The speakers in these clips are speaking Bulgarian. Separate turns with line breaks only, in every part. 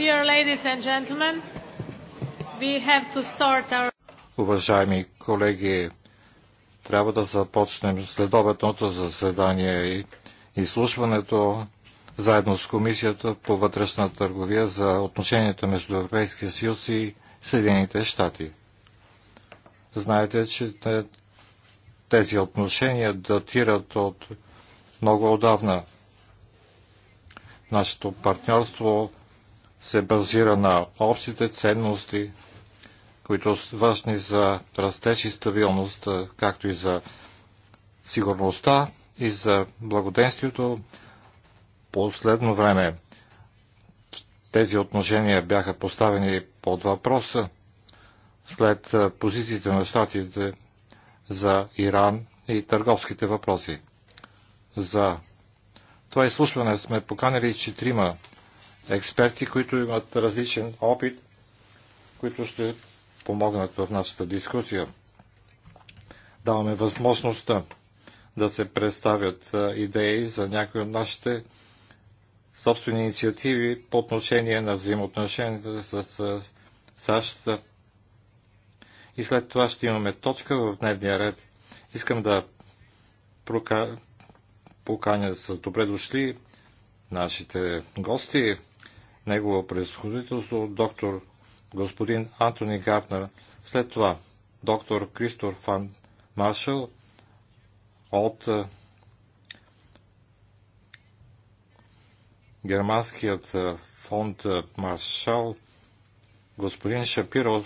Dear ladies and gentlemen, we have to start our...
Уважаеми колеги, трябва да започнем следобедното заседание и изслушването заедно с Комисията по вътрешна търговия за отношенията между Европейския съюз и Съединените щати. Знаете, че тези отношения датират от много отдавна. Нашето партньорство се базира на общите ценности, които са важни за растеж и стабилност, както и за сигурността и за благоденствието. Последно време тези отношения бяха поставени под въпроса след позициите на щатите за Иран и търговските въпроси. За това изслушване сме поканили четирима експерти, които имат различен опит, които ще помогнат в нашата дискусия. Даваме възможността да се представят идеи за някои от нашите собствени инициативи по отношение на взаимоотношенията с САЩ. И след това ще имаме точка в дневния ред. Искам да поканя с добре дошли нашите гости негово превъзходителство доктор господин Антони Гартнер, след това доктор Кристор Фан Маршал от е, германският е, фонд е, Маршал, господин Шапиро,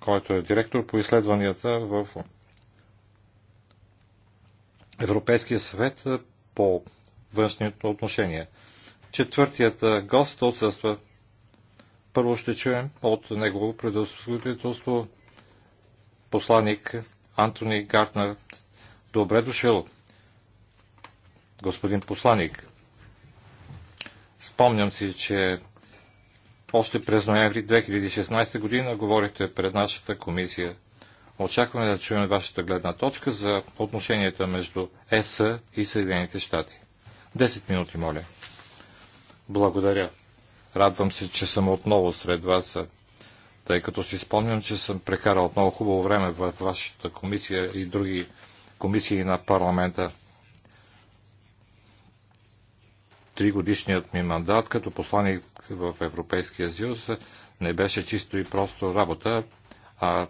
който е директор по изследванията в Европейския съвет по външните отношения. Четвъртият гост отсъства. Първо ще чуем от негово предусвидетелство посланник Антони Гартнер. Добре дошъл, господин посланник, Спомням си, че още през ноември 2016 година говорихте пред нашата комисия. Очакваме да чуем вашата гледна точка за отношенията между ЕС и Съединените щати. 10 минути, моля. Благодаря. Радвам се, че съм отново сред вас, тъй като си спомням, че съм прекарал много хубаво време в вашата комисия и други комисии на парламента. Три годишният ми мандат като посланник в Европейския съюз не беше чисто и просто работа, а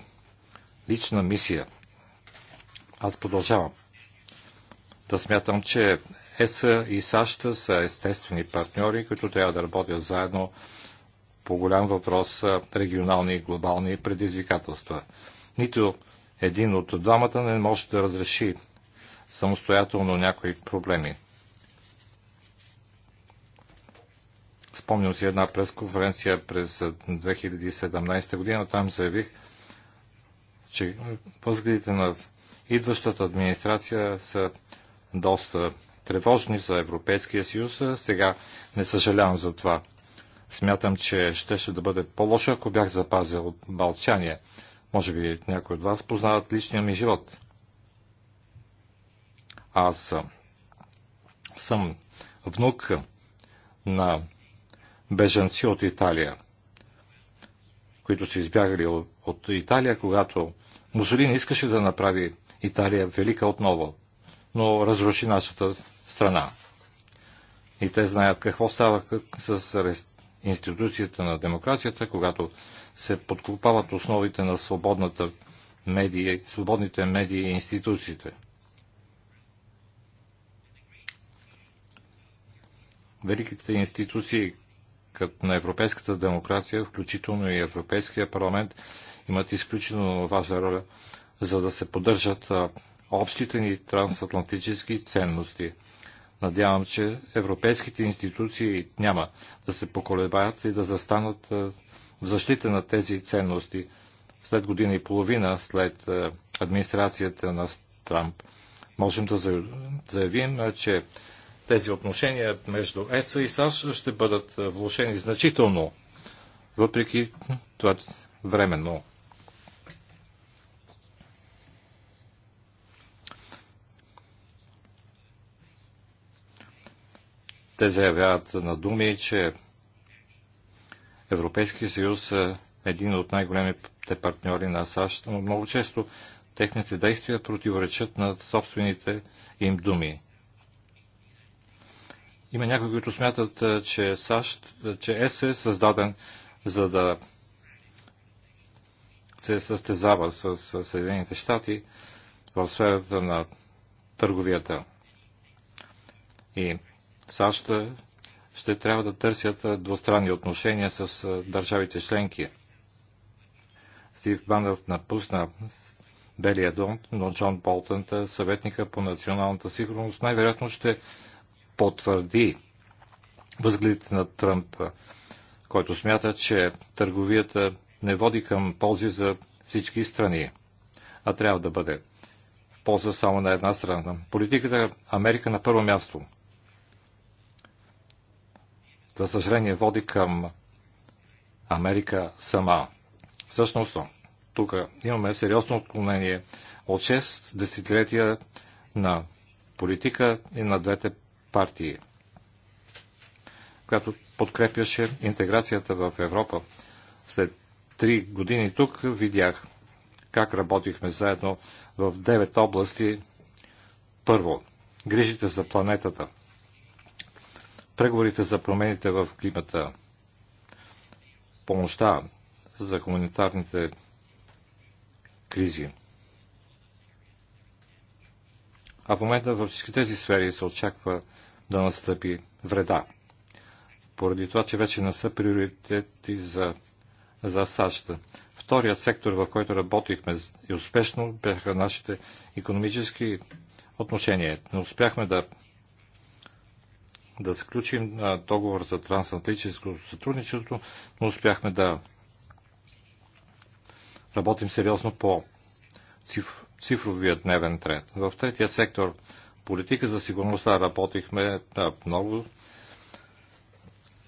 лична мисия. Аз продължавам да смятам, че ЕС и САЩ са естествени партньори, които трябва да работят заедно по голям въпрос регионални и глобални предизвикателства. Нито един от двамата не може да разреши самостоятелно някои проблеми. Спомням си една пресконференция през 2017 година. Там заявих, че възгледите на идващата администрация са доста тревожни за Европейския съюз. Сега не съжалявам за това. Смятам, че щеше да бъде по-лошо, ако бях запазил мълчание. Може би някои от вас познават личния ми живот. Аз съм внук на беженци от Италия, които са избягали от Италия, когато Мусолини искаше да направи Италия велика отново, но разруши нашата страна. И те знаят какво става с институцията на демокрацията, когато се подкопават основите на свободната медия, свободните медии и институциите. Великите институции като на европейската демокрация, включително и Европейския парламент, имат изключително важна роля, за да се поддържат общите ни трансатлантически ценности – Надявам, че европейските институции няма да се поколебаят и да застанат е, в защита на тези ценности след година и половина след е, администрацията на Трамп. Можем да заявим, е, че тези отношения между ЕС и САЩ ще бъдат влушени значително, въпреки това временно Те заявяват на думи, че Европейския съюз е един от най-големите партньори на САЩ, но много често техните действия противоречат на собствените им думи. Има някои, които смятат, е, че САЩ, е, че ЕС е създаден за да се състезава с Съединените щати в сферата на търговията. И САЩ ще трябва да търсят двустранни отношения с държавите членки. Стив Банов напусна Белия дом, но Джон Болтън, съветника по националната сигурност, най-вероятно ще потвърди възгледите на Тръмп, който смята, че търговията не води към ползи за всички страни, а трябва да бъде в полза само на една страна. Политиката Америка на първо място – за съжаление, води към Америка сама. Всъщност, тук имаме сериозно отклонение от 6 десетилетия на политика и на двете партии, която подкрепяше интеграцията в Европа. След 3 години тук видях как работихме заедно в 9 области. Първо, грижите за планетата – преговорите за промените в климата, помощта за хуманитарните кризи. А в момента във всички тези сфери се очаква да настъпи вреда. Поради това, че вече не са приоритети за, за САЩ. Вторият сектор, в който работихме и успешно, бяха нашите економически отношения. Не успяхме да да сключим договор за трансатлантическо сътрудничество, но успяхме да работим сериозно по цифровия дневен тренд. В третия сектор политика за сигурността работихме много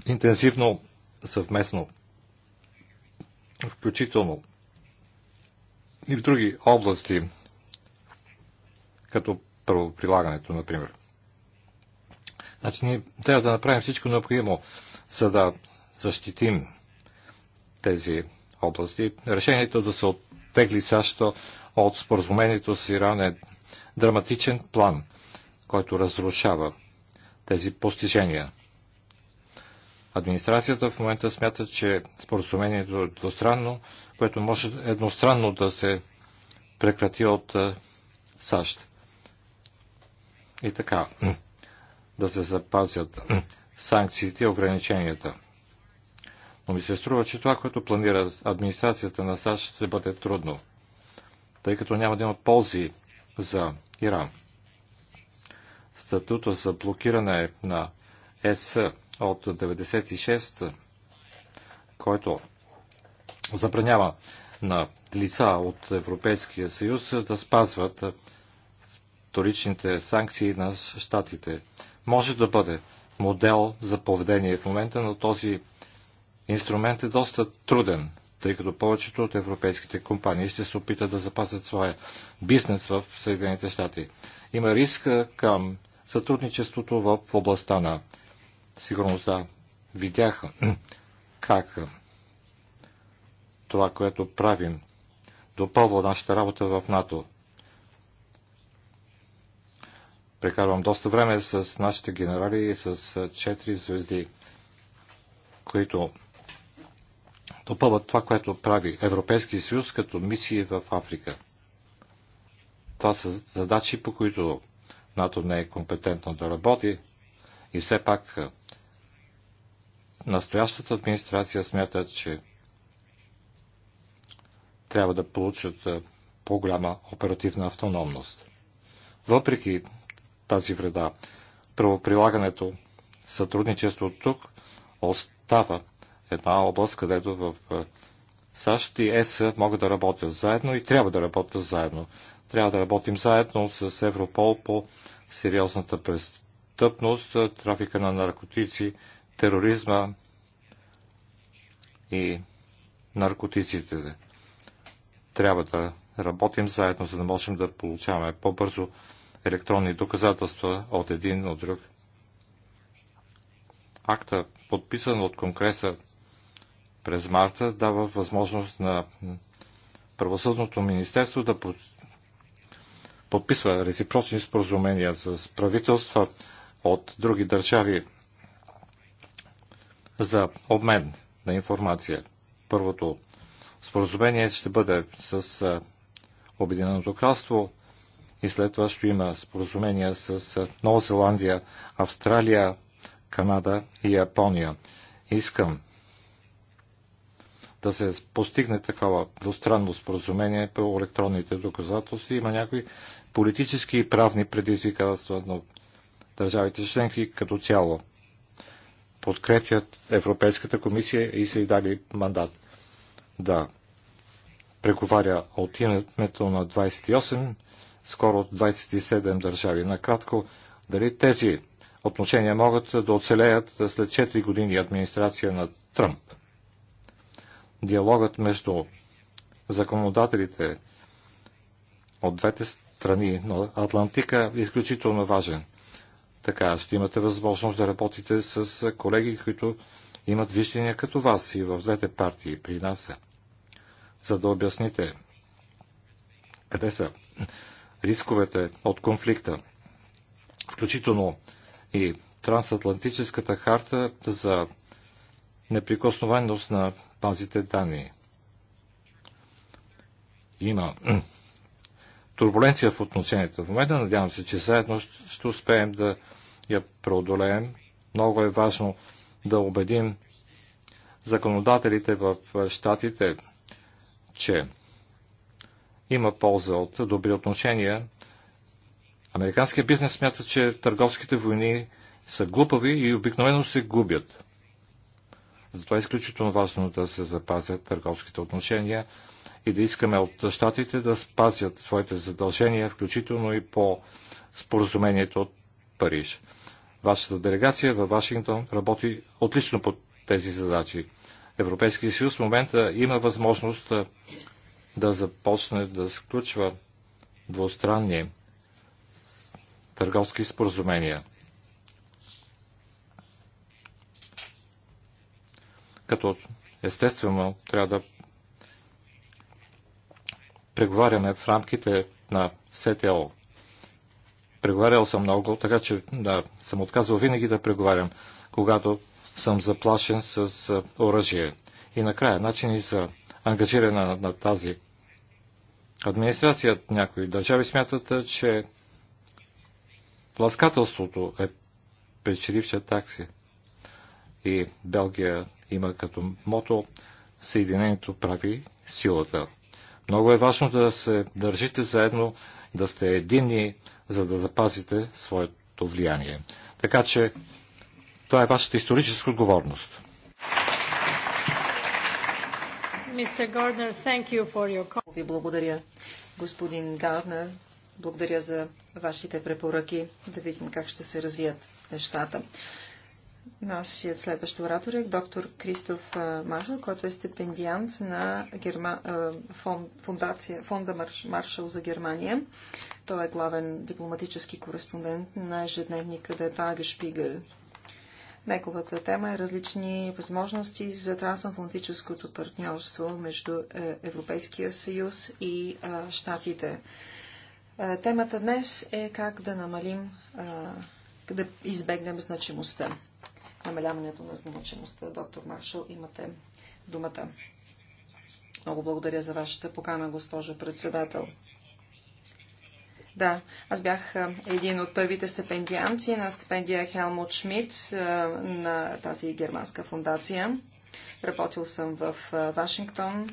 интенсивно съвместно, включително и в други области, като правоприлагането, например. Значи ние трябва да направим всичко необходимо, за да защитим тези области. Решението да се оттегли САЩ от споразумението с Иран е драматичен план, който разрушава тези постижения. Администрацията в момента смята, че споразумението е двустранно, което може едностранно да се прекрати от САЩ. И така, да се запазят санкциите и ограниченията. Но ми се струва, че това, което планира администрацията на САЩ, ще бъде трудно, тъй като няма да има ползи за Иран. Статута за блокиране на ЕС от 96, който забранява на лица от Европейския съюз да спазват вторичните санкции на щатите може да бъде модел за поведение в момента, но този инструмент е доста труден, тъй като повечето от европейските компании ще се опитат да запазят своя бизнес в Съединените щати. Има риск към сътрудничеството в областта на сигурността. Видяха как това, което правим, допълва нашата работа в НАТО прекарвам доста време с нашите генерали и с 4 звезди, които допълват това, което прави Европейски съюз като мисии в Африка. Това са задачи, по които НАТО не е компетентно да работи и все пак настоящата администрация смята, че трябва да получат по-голяма оперативна автономност. Въпреки тази вреда. Правоприлагането, сътрудничество тук остава една област, където в САЩ и ЕС могат да работят заедно и трябва да работят заедно. Трябва да работим заедно с Европол по сериозната престъпност, трафика на наркотици, тероризма и наркотиците. Трябва да работим заедно, за да можем да получаваме по-бързо електронни доказателства от един от друг. Акта, подписан от Конгреса през марта, дава възможност на Правосъдното министерство да подписва реципрочни споразумения с правителства от други държави за обмен на информация. Първото споразумение ще бъде с Обединеното кралство, и след това ще има споразумения с Нова Зеландия, Австралия, Канада и Япония. Искам да се постигне такова двустранно споразумение по електронните доказателства. Има някои политически и правни предизвикателства, но държавите членки като цяло подкрепят Европейската комисия и са и дали мандат да преговаря от името на 28 скоро от 27 държави. Накратко, дали тези отношения могат да оцелеят след 4 години администрация на Тръмп? Диалогът между законодателите от двете страни на Атлантика е изключително важен. Така ще имате възможност да работите с колеги, които имат виждания като вас и в двете партии при нас, за да обясните къде са рисковете от конфликта, включително и трансатлантическата харта за неприкосновеност на базите данни. Има турбуленция в отношенията. В момента надявам се, че заедно ще успеем да я преодолеем. Много е важно да убедим законодателите в щатите, че има полза от добри отношения. Американският бизнес смята, че търговските войни са глупави и обикновено се губят. Затова е изключително важно да се запазят търговските отношения и да искаме от щатите да спазят своите задължения, включително и по споразумението от Париж. Вашата делегация във Вашингтон работи отлично по тези задачи. Европейския съюз в момента има възможност да започне да сключва двустранни търговски споразумения. Като естествено трябва да преговаряме в рамките на СТО. Преговарял съм много, така че да, съм отказвал винаги да преговарям, когато съм заплашен с оръжие. И накрая, начини за ангажиране на, на тази администрацията някои държави смятат, че ласкателството е печеливша такси. И Белгия има като мото Съединението прави силата. Много е важно да се държите заедно, да сте единни, за да запазите своето влияние. Така че това е вашата историческа отговорност.
Mr. Gardner, thank you for your ви благодаря, господин Гарнер. Благодаря за вашите препоръки. Да видим как ще се развият нещата. Нашият следващ оратор е доктор Кристоф Маршал, който е стипендиант на Герма... фон... фонда Марш... Маршал за Германия. Той е главен дипломатически кореспондент на ежедневника Der Шпигъл. Неговата тема е различни възможности за трансатлантическото партньорство между е, Европейския съюз и Штатите. темата днес е как да намалим, да избегнем значимостта. Намаляването на значимостта. Доктор Маршал, имате думата. Много благодаря за вашата покана, госпожо председател. Да, аз бях един от първите стипендианти на стипендия Хелмут Шмидт на тази германска фундация. Работил съм в Вашингтон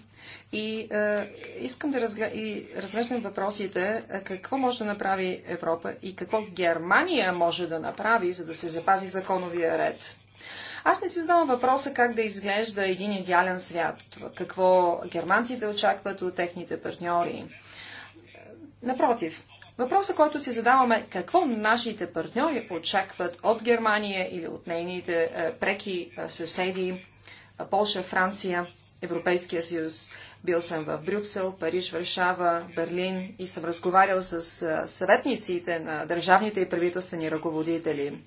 и е, искам да разгля... и разглеждам въпросите какво може да направи Европа и какво Германия може да направи, за да се запази законовия ред. Аз не си задавам въпроса как да изглежда един идеален свят, какво германците очакват от техните партньори. Напротив, Въпросът, който си задаваме, какво нашите партньори очакват от Германия или от нейните е, преки е, съседи, е, Полша, Франция, Европейския съюз. Бил съм в Брюксел, Париж, Варшава, Берлин и съм разговарял с съветниците на държавните и правителствени ръководители.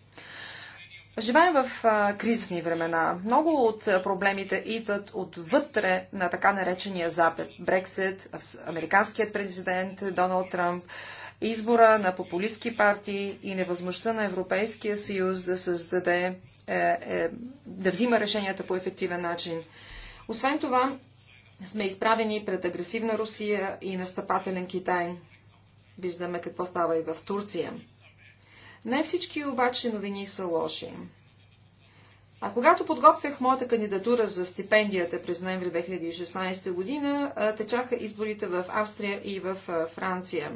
Живеем в кризисни времена. Много от проблемите идват отвътре на така наречения Запад. Брексит, американският президент Доналд Трамп, избора на популистски партии и невъзможността на Европейския съюз да създаде, е, е, да взима решенията по ефективен начин. Освен това, сме изправени пред агресивна Русия и настъпателен Китай. Виждаме какво става и в Турция. Не всички обаче новини са лоши. А когато подготвях моята кандидатура за стипендията през ноември 2016 година, течаха изборите в Австрия и в Франция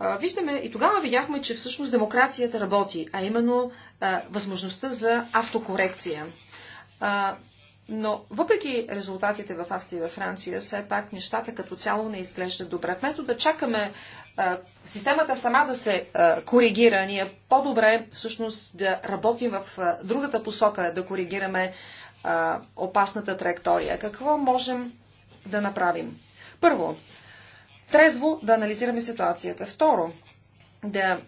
виждаме и тогава видяхме, че всъщност демокрацията работи, а именно а, възможността за автокорекция. А, но въпреки резултатите в Австрия и във Франция, все пак нещата като цяло не изглеждат добре. Вместо да чакаме а, системата сама да се а, коригира, ние по-добре всъщност да работим в а, другата посока, да коригираме а, опасната траектория. Какво можем да направим? Първо, трезво да анализираме ситуацията. Второ, да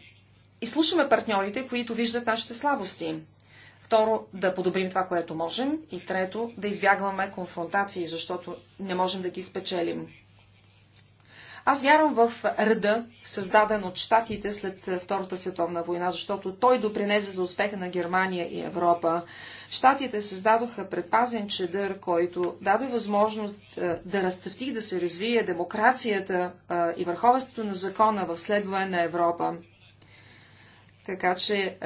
изслушаме партньорите, които виждат нашите слабости. Второ, да подобрим това, което можем. И трето, да избягваме конфронтации, защото не можем да ги спечелим. Аз вярвам в ръда, създаден от щатите след Втората световна война, защото той допринесе за успеха на Германия и Европа. Штатите създадоха предпазен чедър, който даде възможност е, да разцъфти, да се развие демокрацията е, и върховенството на закона в следване на Европа. Така че е,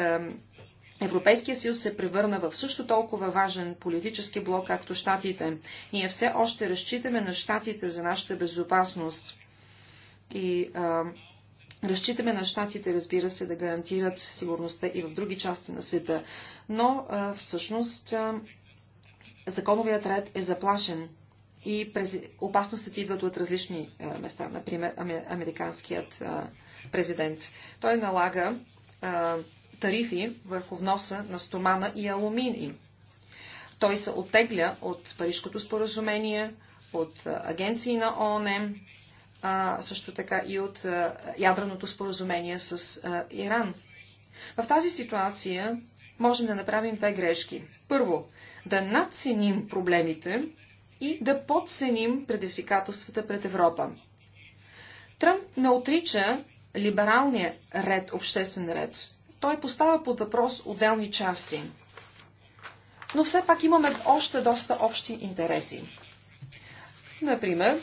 Европейския съюз се превърна в също толкова важен политически блок, както Штатите. Ние все още разчитаме на Штатите за нашата безопасност. И Разчитаме на щатите, разбира се, да гарантират сигурността и в други части на света, но всъщност законовият ред е заплашен и през... опасностите идват от различни места, например ами, американският президент. Той налага тарифи върху вноса на стомана и алуминий. Той се оттегля от Парижското споразумение, от агенции на ООН, а, също така и от а, ядреното споразумение с а, Иран. В тази ситуация можем да направим две грешки. Първо, да надценим проблемите и да подценим предизвикателствата пред Европа. Тръмп не отрича либералния ред, обществен ред. Той поставя под въпрос отделни части. Но все пак имаме още доста общи интереси. Например,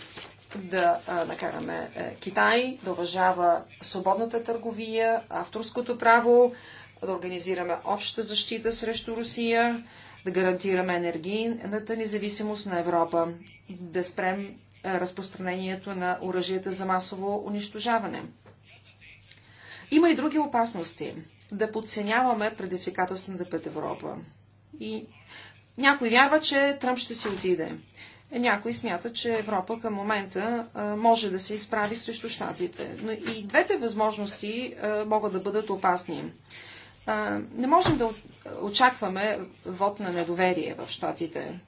да накараме е, Китай да уважава свободната търговия, авторското право, да организираме обща защита срещу Русия, да гарантираме енергийната независимост на Европа, да спрем е, разпространението на оръжията за масово унищожаване. Има и други опасности. Да подценяваме предизвикателствата пред Европа. И някой вярва, че Тръмп ще си отиде някои смятат, че Европа към момента може да се изправи срещу щатите. Но и двете възможности могат да бъдат опасни. не можем да очакваме вод на недоверие в щатите.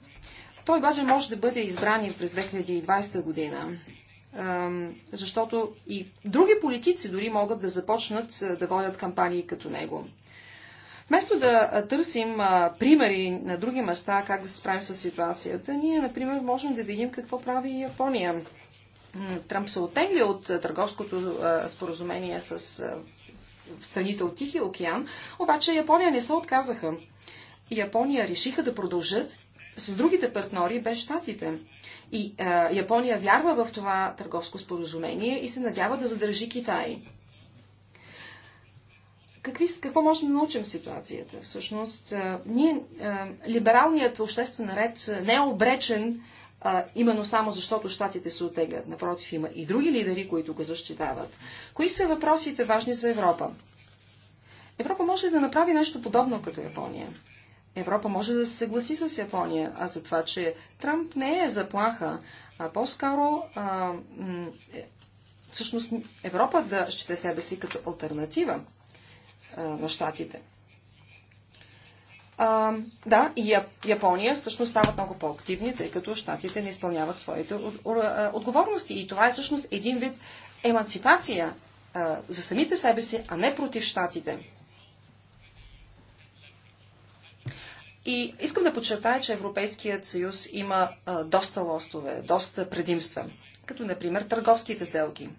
Той обаче може да бъде избран и през 2020 година, защото и други политици дори могат да започнат да водят кампании като него. Вместо да търсим а, примери на други места как да се справим с ситуацията, ние, например, можем да видим какво прави Япония. Трамп се отегли от търговското а, споразумение с а, страните от Тихия океан, обаче Япония не се отказаха. Япония решиха да продължат с другите партньори без щатите. И а, Япония вярва в това търговско споразумение и се надява да задържи Китай. Какви, какво можем да научим в ситуацията? Всъщност, ние, либералният обществен ред не е обречен а, именно само защото щатите се отеглят. Напротив, има и други лидери, които го защитават. Кои са въпросите важни за Европа? Европа може да направи нещо подобно като Япония. Европа може да се съгласи с Япония, а за това, че Трамп не е заплаха, а по-скоро е, всъщност Европа да счете себе си като альтернатива на щатите. А, да, и Япония всъщност стават много по-активни, тъй като щатите не изпълняват своите отговорности. И това е всъщност един вид емансипация а, за самите себе си, а не против щатите. И искам да подчертая, че Европейският съюз има а, доста лостове, доста предимства, като например търговските сделки.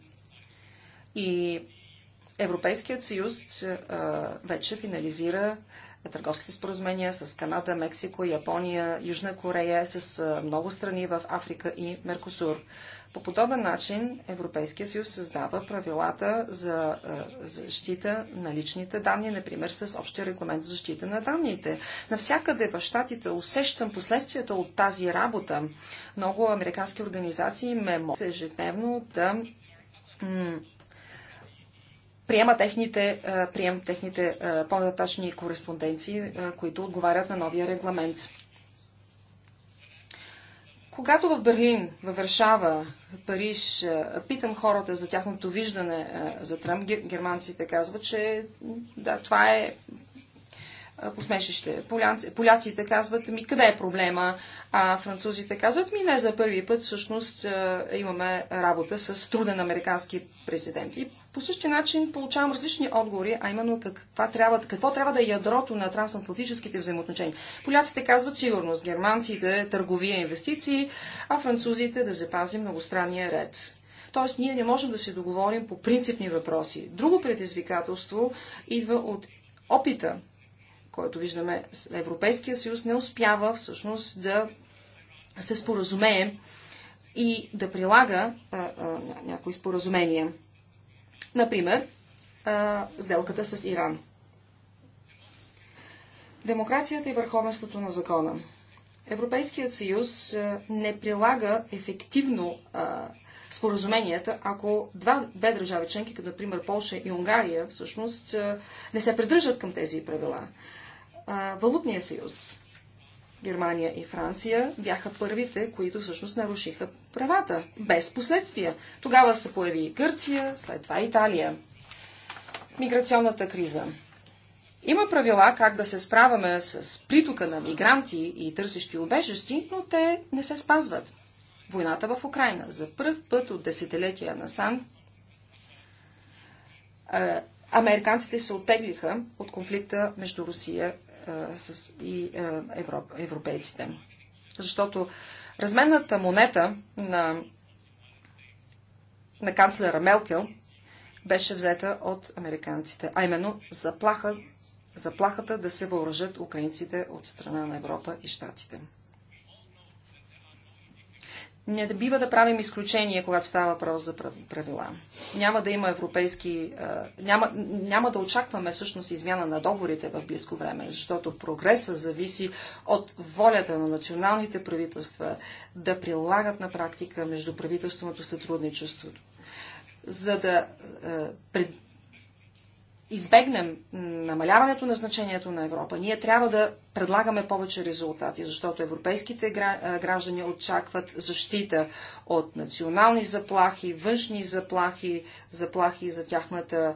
И Европейският съюз вече финализира търговските споразумения с Канада, Мексико, Япония, Южна Корея, с много страни в Африка и Меркосур. По подобен начин Европейския съюз създава правилата за защита на личните данни, например с общия регламент за защита на данните. Навсякъде в щатите усещам последствията от тази работа. Много американски организации ме могат ежедневно да приема техните, е, прием техните е, по-нататъчни кореспонденции, е, които отговарят на новия регламент. Когато в Берлин, в Варшава, Париж, питам хората за тяхното виждане за Тръмп, германците казват, че да, това е посмешище. поляците казват, ми къде е проблема, а французите казват, ми не за първи път всъщност имаме работа с труден американски президент. И по същия начин получавам различни отговори, а именно каква трябва, какво трябва да е ядрото на трансатлантическите взаимоотношения. Поляците казват сигурност, германците търговия инвестиции, а французите да запазим многостранния ред. Тоест, ние не можем да се договорим по принципни въпроси. Друго предизвикателство идва от опита, който виждаме, Европейския съюз не успява всъщност да се споразумее и да прилага а, а, някои споразумения. Например, сделката с Иран. Демокрацията и върховенството на закона. Европейският съюз не прилага ефективно споразуменията, ако два, две държави членки, като например Польша и Унгария, всъщност не се придържат към тези правила. Валутният Валутния съюз. Германия и Франция бяха първите, които всъщност нарушиха правата, без последствия. Тогава се появи Гърция, след това Италия. Миграционната криза. Има правила как да се справяме с притока на мигранти и търсещи убежищи, но те не се спазват. Войната в Украина за първ път от десетилетия Сан. американците се оттеглиха от конфликта между Русия а, с, и а, европ, европейците. Защото разменната монета на, на канцлера Мелкел беше взета от американците, а именно заплаха, заплахата да се въоръжат украинците от страна на Европа и Штатите. Не да бива да правим изключение, когато става въпрос за правила. Няма да има европейски. Няма, няма да очакваме всъщност измяна на договорите в близко време, защото прогреса зависи от волята на националните правителства да прилагат на практика междуправителственото сътрудничество. За да избегнем намаляването на значението на Европа, ние трябва да предлагаме повече резултати, защото европейските граждани очакват защита от национални заплахи, външни заплахи, заплахи за тяхната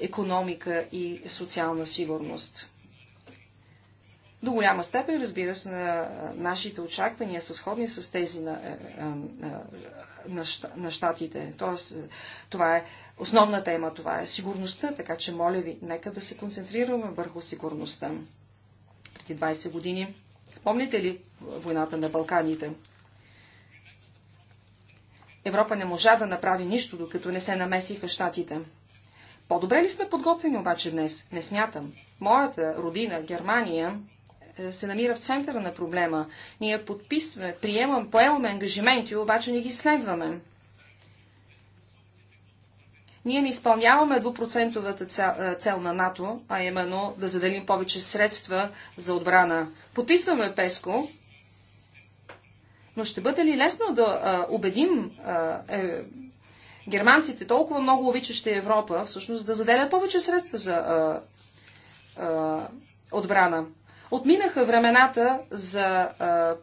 економика и социална сигурност. До голяма степен, разбира се, на нашите очаквания са сходни с тези на, на, на, на щатите. Тоест, това е Основна тема това е сигурността, така че моля ви, нека да се концентрираме върху сигурността. Преди 20 години, помните ли войната на Балканите? Европа не можа да направи нищо, докато не се намесиха щатите. По-добре ли сме подготвени обаче днес? Не смятам. Моята родина, Германия, е, се намира в центъра на проблема. Ние подписваме, приемам, поемаме ангажименти, обаче не ги следваме. Ние не изпълняваме 2% е, цел на НАТО, а именно да заделим повече средства за отбрана. Подписваме ПЕСКО, но ще бъде ли лесно да а, е, убедим а, е, е, германците, толкова много обичащи Европа, всъщност да заделят повече средства за а, а, отбрана? Отминаха времената за а,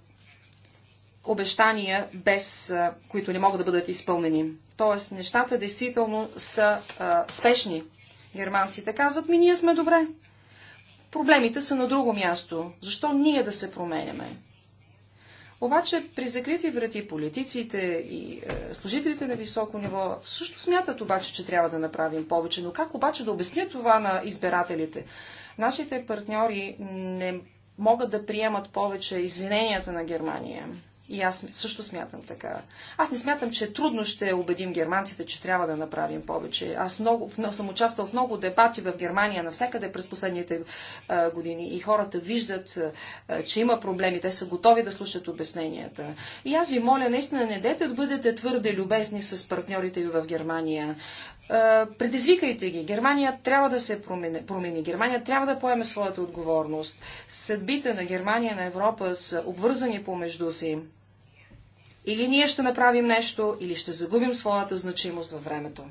обещания, без, които не могат да бъдат изпълнени. Тоест, нещата действително са а, спешни. Германците казват, ми ние сме добре. Проблемите са на друго място. Защо ние да се променяме? Обаче при закрити врати политиците и е, служителите на високо ниво също смятат обаче, че трябва да направим повече. Но как обаче да обясня това на избирателите? Нашите партньори не могат да приемат повече извиненията на Германия. И аз също смятам така. Аз не смятам, че трудно ще убедим германците, че трябва да направим повече. Аз много, съм участвал в много дебати в Германия, навсякъде през последните а, години. И хората виждат, а, че има проблеми. Те са готови да слушат обясненията. И аз ви моля, наистина не дете да бъдете твърде любезни с партньорите ви в Германия предизвикайте ги. Германия трябва да се промени, промени. Германия трябва да поеме своята отговорност. Съдбите на Германия и на Европа са обвързани помежду си. Или ние ще направим нещо, или ще загубим своята значимост във времето.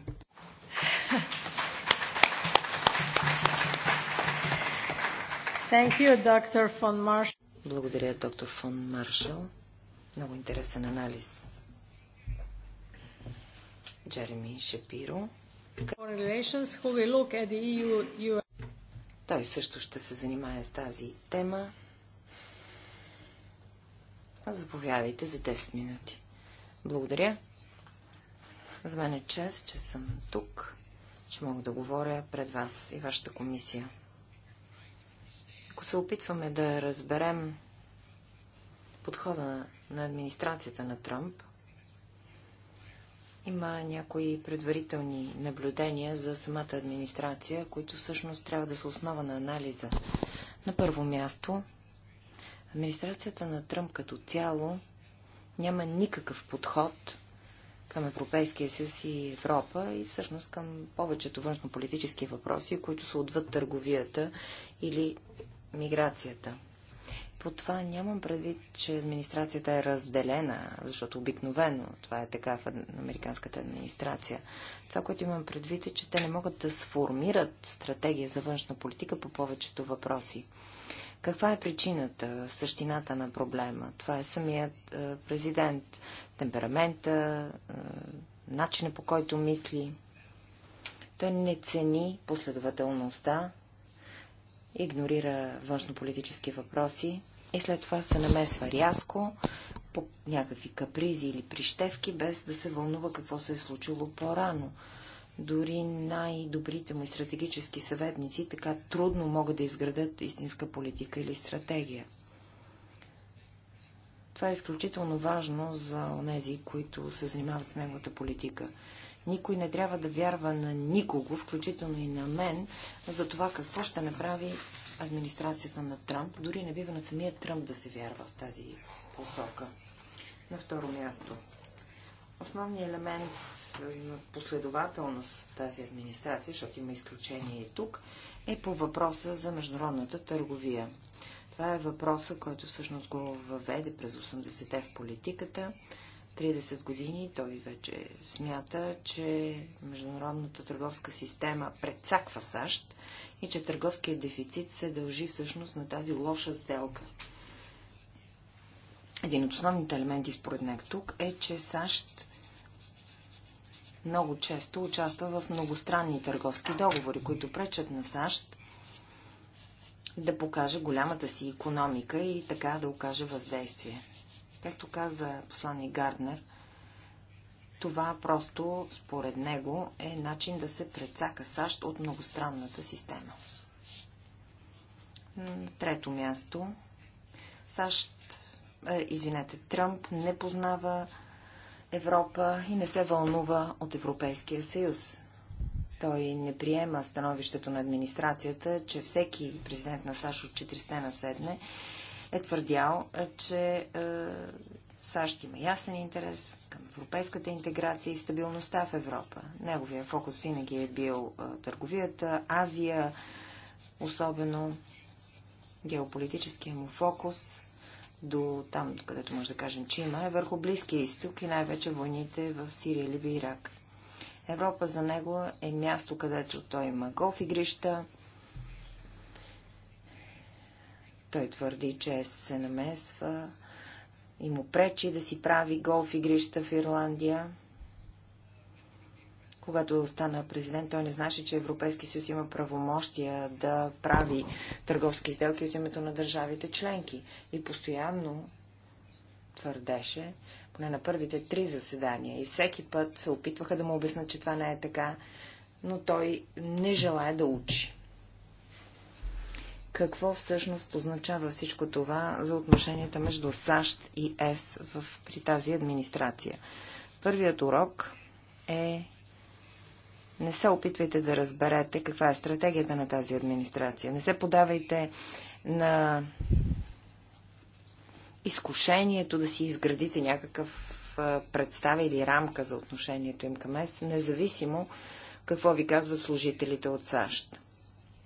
Thank you,
Благодаря, доктор фон Маршал. Много интересен анализ. Джереми Шапиро.
E
Той също ще се занимае с тази тема Заповядайте за 10 минути. Благодаря. За мен е чест, че съм тук, че мога да говоря пред вас и вашата комисия. Ако се опитваме да разберем подхода на администрацията на Тръмп, има някои предварителни наблюдения за самата администрация, които всъщност трябва да са основа на анализа. На първо място Администрацията на Тръмп като цяло няма никакъв подход към Европейския съюз и Европа и всъщност към повечето външнополитически въпроси, които са отвъд търговията или миграцията. По това нямам предвид, че администрацията е разделена, защото обикновено това е така в американската администрация. Това, което имам предвид е, че те не могат да сформират стратегия за външна политика по повечето въпроси. Каква е причината, същината на проблема? Това е самият е, президент, темперамента, е, начинът по който мисли. Той не цени последователността, игнорира външнополитически въпроси и след това се намесва рязко по някакви капризи или прищевки, без да се вълнува какво се е случило по-рано. Дори най-добрите му стратегически съветници така трудно могат да изградат истинска политика или стратегия. Това е изключително важно за онези, които се занимават с неговата политика. Никой не трябва да вярва на никого, включително и на мен, за това какво ще направи администрацията на Трамп. Дори не бива на самия Тръмп да се вярва в тази посока. На второ място. Основният елемент на е, последователност в тази администрация, защото има изключение и тук, е по въпроса за международната търговия. Това е въпроса, който всъщност го въведе през 80-те в политиката. 30 години той вече смята, че международната търговска система предсаква САЩ и че търговският дефицит се дължи всъщност на тази лоша сделка. Един от основните елементи според него тук е, че САЩ много често участва в многостранни търговски договори, които пречат на САЩ да покаже голямата си економика и така да окаже въздействие. Както каза посланник Гарднер, това просто, според него, е начин да се предсака САЩ от многостранната система. На трето място, САЩ, е, извинете, Тръмп не познава Европа и не се вълнува от Европейския съюз. Той не приема становището на администрацията, че всеки президент на САЩ от 400 на седне е твърдял, е, че е, САЩ има ясен интерес към европейската интеграция и стабилността в Европа. Неговия фокус винаги е бил е, търговията, Азия, особено геополитическия му фокус до там, където може да кажем, че има, е върху Близкия изток и най-вече войните в Сирия, Либия и Ирак. Европа за него е място, където той има голф игрища. Той твърди, че се намесва и му пречи да си прави голф игрища в Ирландия. Когато стана президент, той не знаеше, че Европейски съюз има правомощия да прави търговски сделки от името на държавите членки. И постоянно твърдеше, поне на първите три заседания, и всеки път се опитваха да му обяснат, че това не е така, но той не желая да учи. Какво всъщност означава всичко това за отношенията между САЩ и ЕС в, при тази администрация? Първият урок е не се опитвайте да разберете каква е стратегията на тази администрация. Не се подавайте на изкушението да си изградите някакъв представа или рамка за отношението им към ЕС, независимо какво ви казват служителите от САЩ.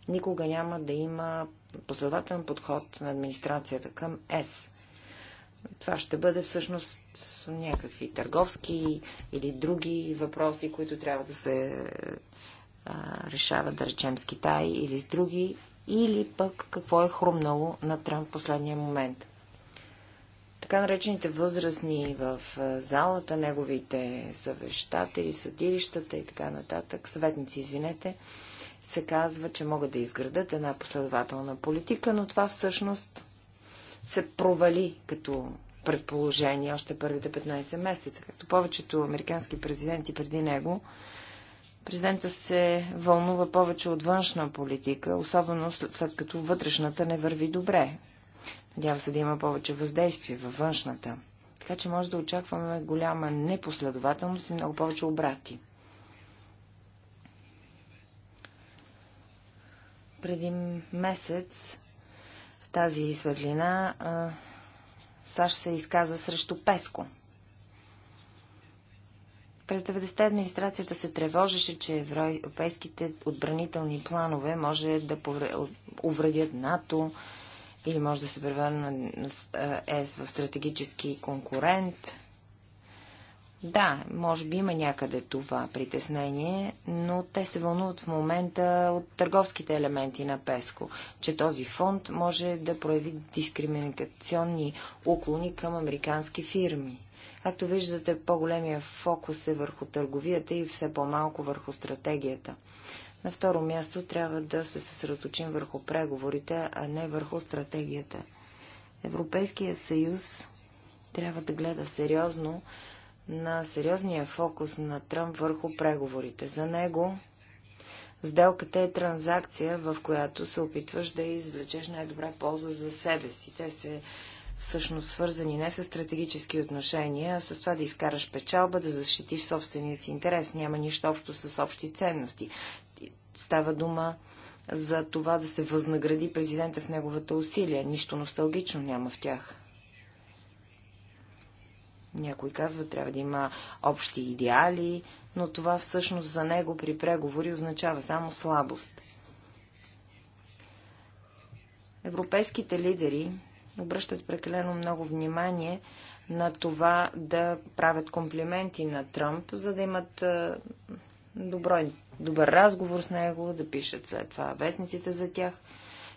Никога няма да има последователен подход на администрацията към ЕС. Това ще бъде всъщност някакви търговски или други въпроси, които трябва да се а, решават, да речем, с Китай или с други, или пък какво е хрумнало на Тръмп в последния момент. Така наречените възрастни в залата, неговите съвещатели, съдилищата и така нататък, съветници, извинете, се казва, че могат да изградат една последователна политика, но това всъщност се провали като предположение още първите 15 месеца. Както повечето американски президенти преди него, президента се вълнува повече от външна политика, особено след, като вътрешната не върви добре. Надява се да има повече въздействие във външната. Така че може да очакваме голяма непоследователност и много повече обрати. Преди месец тази светлина САЩ се изказа срещу Песко. През 90-те администрацията се тревожеше, че европейските отбранителни планове може да увредят НАТО или може да се превърне ЕС в стратегически конкурент. Да, може би има някъде това притеснение, но те се вълнуват в момента от търговските елементи на ПЕСКО, че този фонд може да прояви дискриминационни уклони към американски фирми. Както виждате, по-големия фокус е върху търговията и все по-малко върху стратегията. На второ място трябва да се съсредоточим върху преговорите, а не върху стратегията. Европейския съюз трябва да гледа сериозно на сериозния фокус на Тръмп върху преговорите. За него сделката е транзакция, в която се опитваш да извлечеш най-добра полза за себе си. Те се всъщност свързани не с стратегически отношения, а с това да изкараш печалба, да защитиш собствения си интерес. Няма нищо общо с общи ценности. Става дума за това да се възнагради президента в неговата усилия. Нищо носталгично няма в тях. Някой казва, трябва да има общи идеали, но това всъщност за него при преговори означава само слабост. Европейските лидери обръщат прекалено много внимание на това да правят комплименти на Тръмп, за да имат добро, добър разговор с него, да пишат след това вестниците за тях.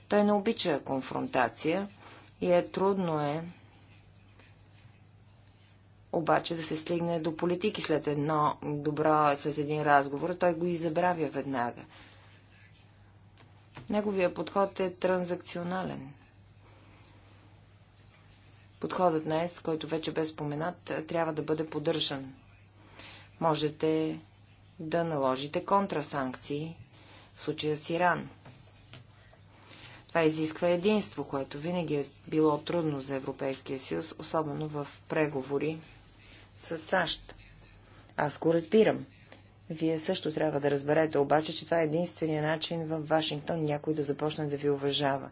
Той не обича конфронтация и е трудно е обаче да се стигне до политики след едно добро, след един разговор, той го и забравя веднага. Неговия подход е транзакционален. Подходът днес, който вече бе споменат, трябва да бъде поддържан. Можете да наложите контрасанкции в случая с Иран. Това изисква единство, което винаги е било трудно за Европейския съюз, особено в преговори с САЩ. Аз го разбирам. Вие също трябва да разберете, обаче, че това е единствения начин в Вашингтон някой да започне да ви уважава.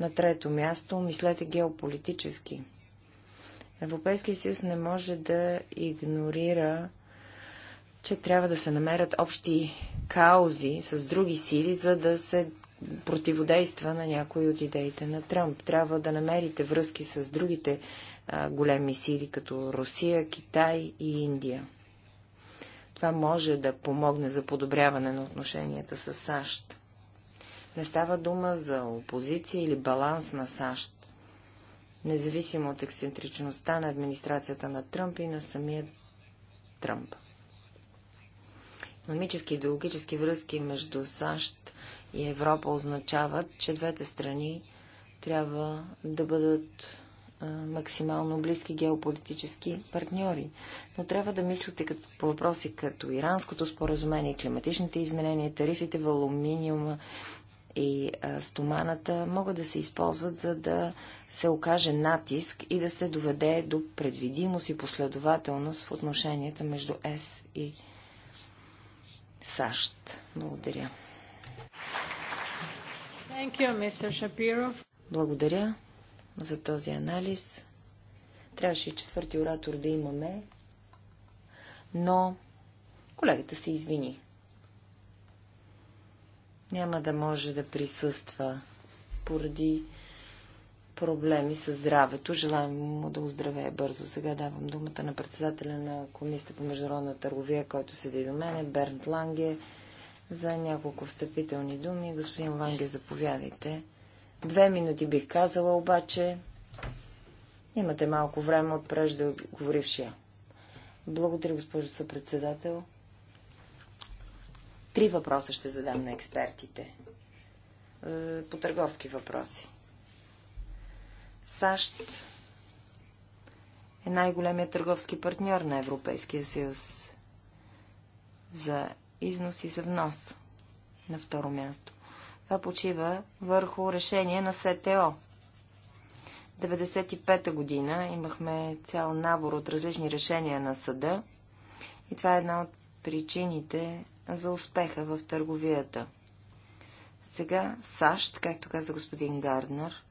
На трето място, мислете геополитически. Европейския съюз не може да игнорира, че трябва да се намерят общи каузи с други сили, за да се противодейства на някои от идеите на Тръмп. Трябва да намерите връзки с другите а, големи сили, като Русия, Китай и Индия. Това може да помогне за подобряване на отношенията с САЩ. Не става дума за опозиция или баланс на САЩ, независимо от ексцентричността на администрацията на Тръмп и на самия Тръмп. Економически и идеологически връзки между САЩ и Европа означават, че двете страни трябва да бъдат а, максимално близки геополитически партньори. Но трябва да мислите като, по въпроси като иранското споразумение, климатичните изменения, тарифите в алуминиума и а, стоманата могат да се използват, за да се окаже натиск и да се доведе до предвидимост и последователност в отношенията между ЕС и САЩ. Благодаря. Благодаря за този анализ. Трябваше и четвърти оратор да имаме, но колегата се извини. Няма да може да присъства поради проблеми с здравето. Желаем му да оздравее бързо. Сега давам думата на председателя на Комисията по международна търговия, който седи до мен, Бернт Ланге за няколко встъпителни думи. Господин Ланге, заповядайте. Две минути бих казала, обаче имате малко време от преждеговорившия. Благодаря, госпожо съпредседател. Три въпроса ще задам на експертите. Е, по търговски въпроси. САЩ е най-големият търговски партньор на Европейския съюз за износ и за внос на второ място. Това почива върху решение на СТО. 95-та година имахме цял набор от различни решения на съда и това е една от причините за успеха в търговията. Сега САЩ, както каза господин Гарднер,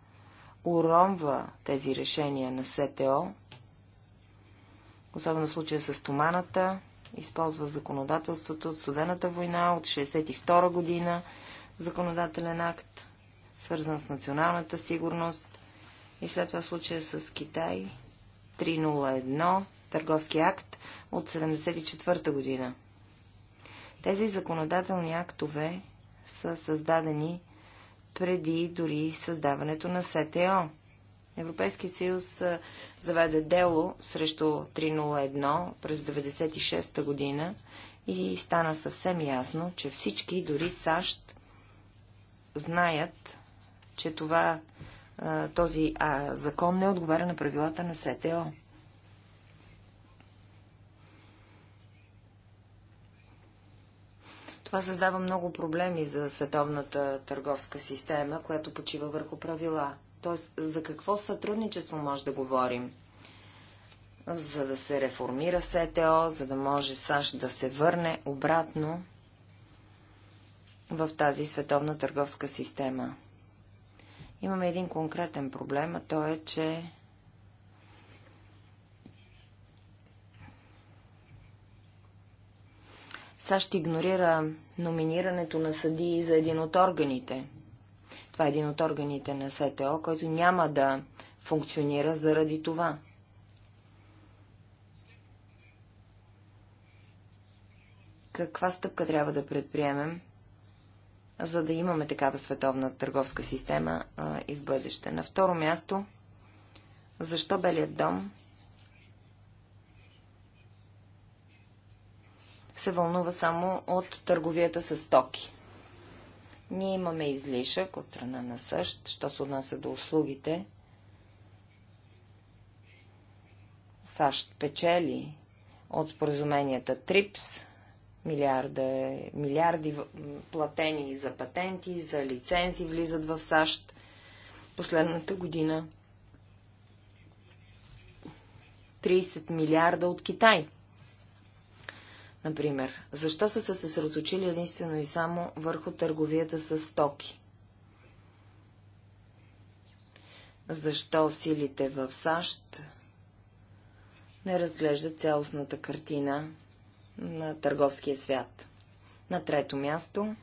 уронва тези решения на СТО, особено в случая с томаната, използва законодателството от Судената война от 1962 година, законодателен акт, свързан с националната сигурност и след това случая с Китай 301, търговски акт от 1974 година. Тези законодателни актове са създадени преди дори създаването на СТО. Европейския съюз заведе дело срещу 301 през 96-та година и стана съвсем ясно, че всички, дори САЩ, знаят, че това, този а, закон не отговаря на правилата на СТО. Това създава много проблеми за световната търговска система, която почива върху правила. Тоест, за какво сътрудничество може да говорим? За да се реформира СТО, за да може САЩ да се върне обратно в тази световна търговска система. Имаме един конкретен проблем, а то е, че САЩ игнорира номинирането на съдии за един от органите – това е един от органите на СТО, който няма да функционира заради това. Каква стъпка трябва да предприемем, за да имаме такава световна търговска система а, и в бъдеще? На второ място, защо Белият дом се вълнува само от търговията с стоки? Ние имаме излишък от страна на САЩ, що се отнася до услугите. САЩ печели от споразуменията ТРИПС, милиарда, е, милиарди платени за патенти, за лицензи влизат в САЩ последната година. 30 милиарда от Китай. Например, защо са се съсредоточили единствено и само върху търговията с стоки? Защо силите в САЩ не разглеждат цялостната картина на търговския свят? На трето място,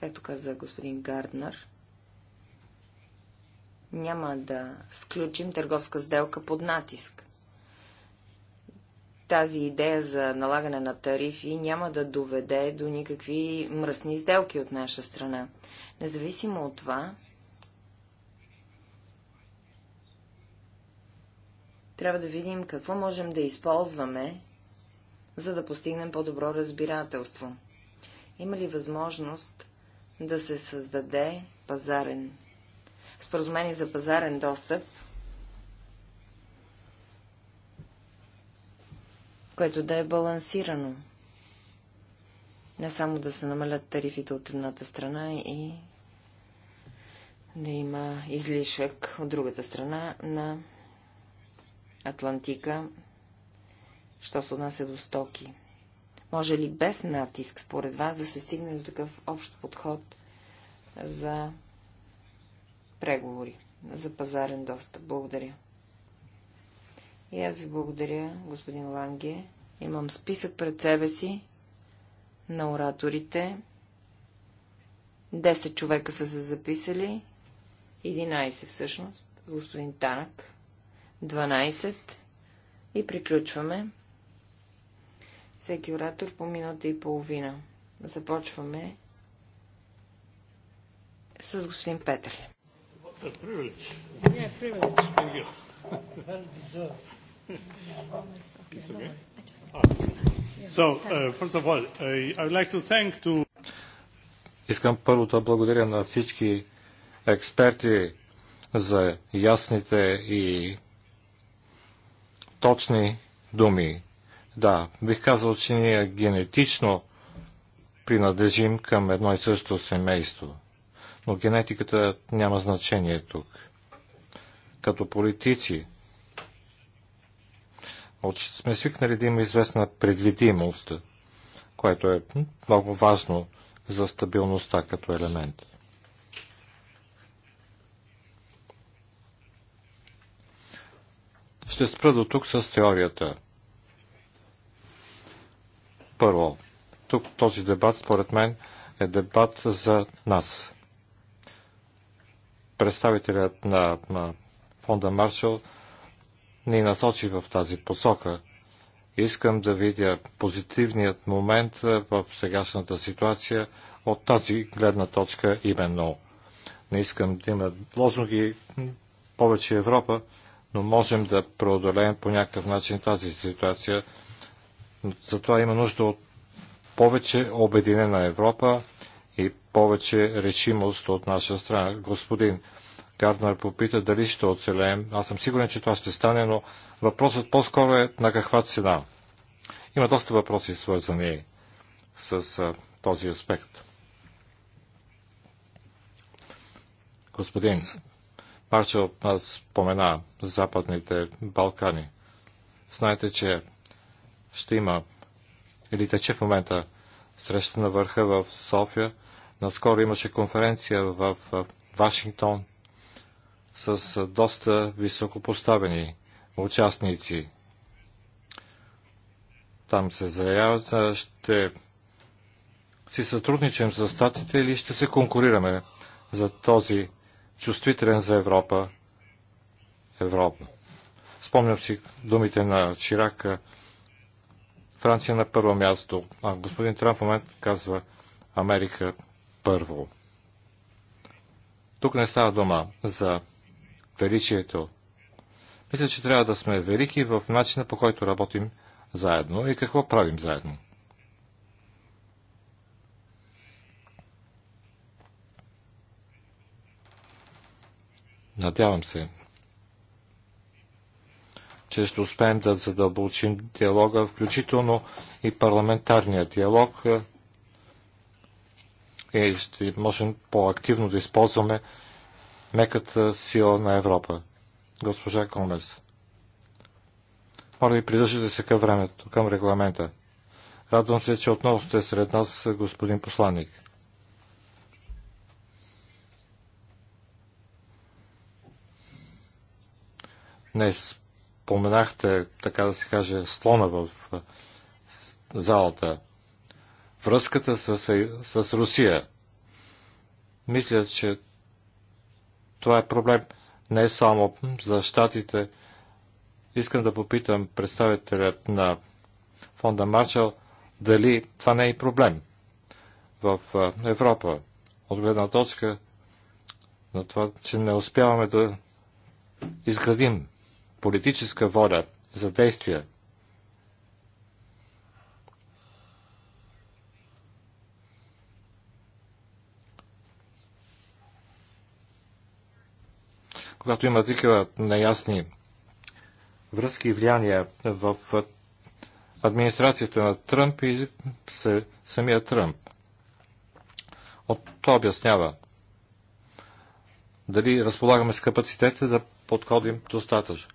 както каза господин Гарднер, няма да сключим търговска сделка под натиск тази идея за налагане на тарифи няма да доведе до никакви мръсни сделки от наша страна. Независимо от това, трябва да видим какво можем да използваме, за да постигнем по-добро разбирателство. Има ли възможност да се създаде пазарен споразумение за пазарен достъп което да е балансирано. Не само да се намалят тарифите от едната страна и да има излишък от другата страна на Атлантика, що се отнася до стоки. Може ли без натиск, според вас, да се стигне до такъв общ подход за преговори, за пазарен достъп? Благодаря. И аз ви благодаря, господин Ланге. Имам списък пред себе си на ораторите. 10 човека са се записали. 11 всъщност, с господин Танък. 12. И приключваме. Всеки оратор по минута и половина. Започваме с господин
Петър. A privilege. Yeah, privilege.
It's
okay. Ah. So, uh, first of all, uh, I would like to thank to... Искам първо да благодаря на всички експерти за ясните и точни думи. Да, бих казал, че ние генетично принадлежим към едно и също семейство. Но генетиката няма значение тук. Като политици от, сме свикнали да има известна предвидимост, което е много важно за стабилността като елемент. Ще спра до тук с теорията. Първо, тук този дебат, според мен, е дебат за нас. Представителят на, на фонда Маршал – ни насочи в тази посока. Искам да видя позитивният момент в сегашната ситуация от тази гледна точка именно. Не искам да има лозунги повече Европа, но можем да преодолеем по някакъв начин тази ситуация. Затова има нужда от повече обединена Европа и повече решимост от наша страна. Господин Гарднер попита дали ще оцелеем. Аз съм сигурен, че това ще стане, но въпросът по-скоро е на каква цена. Има доста въпроси, свързани с а, този аспект. Господин Марчел спомена Западните Балкани. Знаете, че ще има или тече в момента среща на върха в София. Наскоро имаше конференция в Вашингтон – с доста високопоставени участници. Там се заявява, ще си сътрудничам с статите или ще се конкурираме за този чувствителен за Европа Европа. Спомням си думите на Чирак. Франция на първо място. А господин Трамп в момент казва Америка първо. Тук не става дума за величието. Мисля, че трябва да сме велики в начина по който работим заедно и какво правим заедно. Надявам се, че ще успеем да задълбочим диалога, включително и парламентарния диалог. И е, ще можем по-активно да използваме меката сила на Европа. Госпожа Комес. Моля ви, придържате се към времето, към регламента. Радвам се, че отново сте сред нас, господин посланник. Не споменахте, така да се каже, слона в залата. Връзката с, с Русия. Мисля, че това е проблем не само за щатите. Искам да попитам представителят на фонда Маршал дали това не е и проблем в Европа от гледна точка на това, че не успяваме да изградим политическа воля за действия когато има такива неясни връзки и влияния в администрацията на Тръмп и се, самия Тръмп. От това обяснява дали разполагаме с капацитета да подходим достатъчно.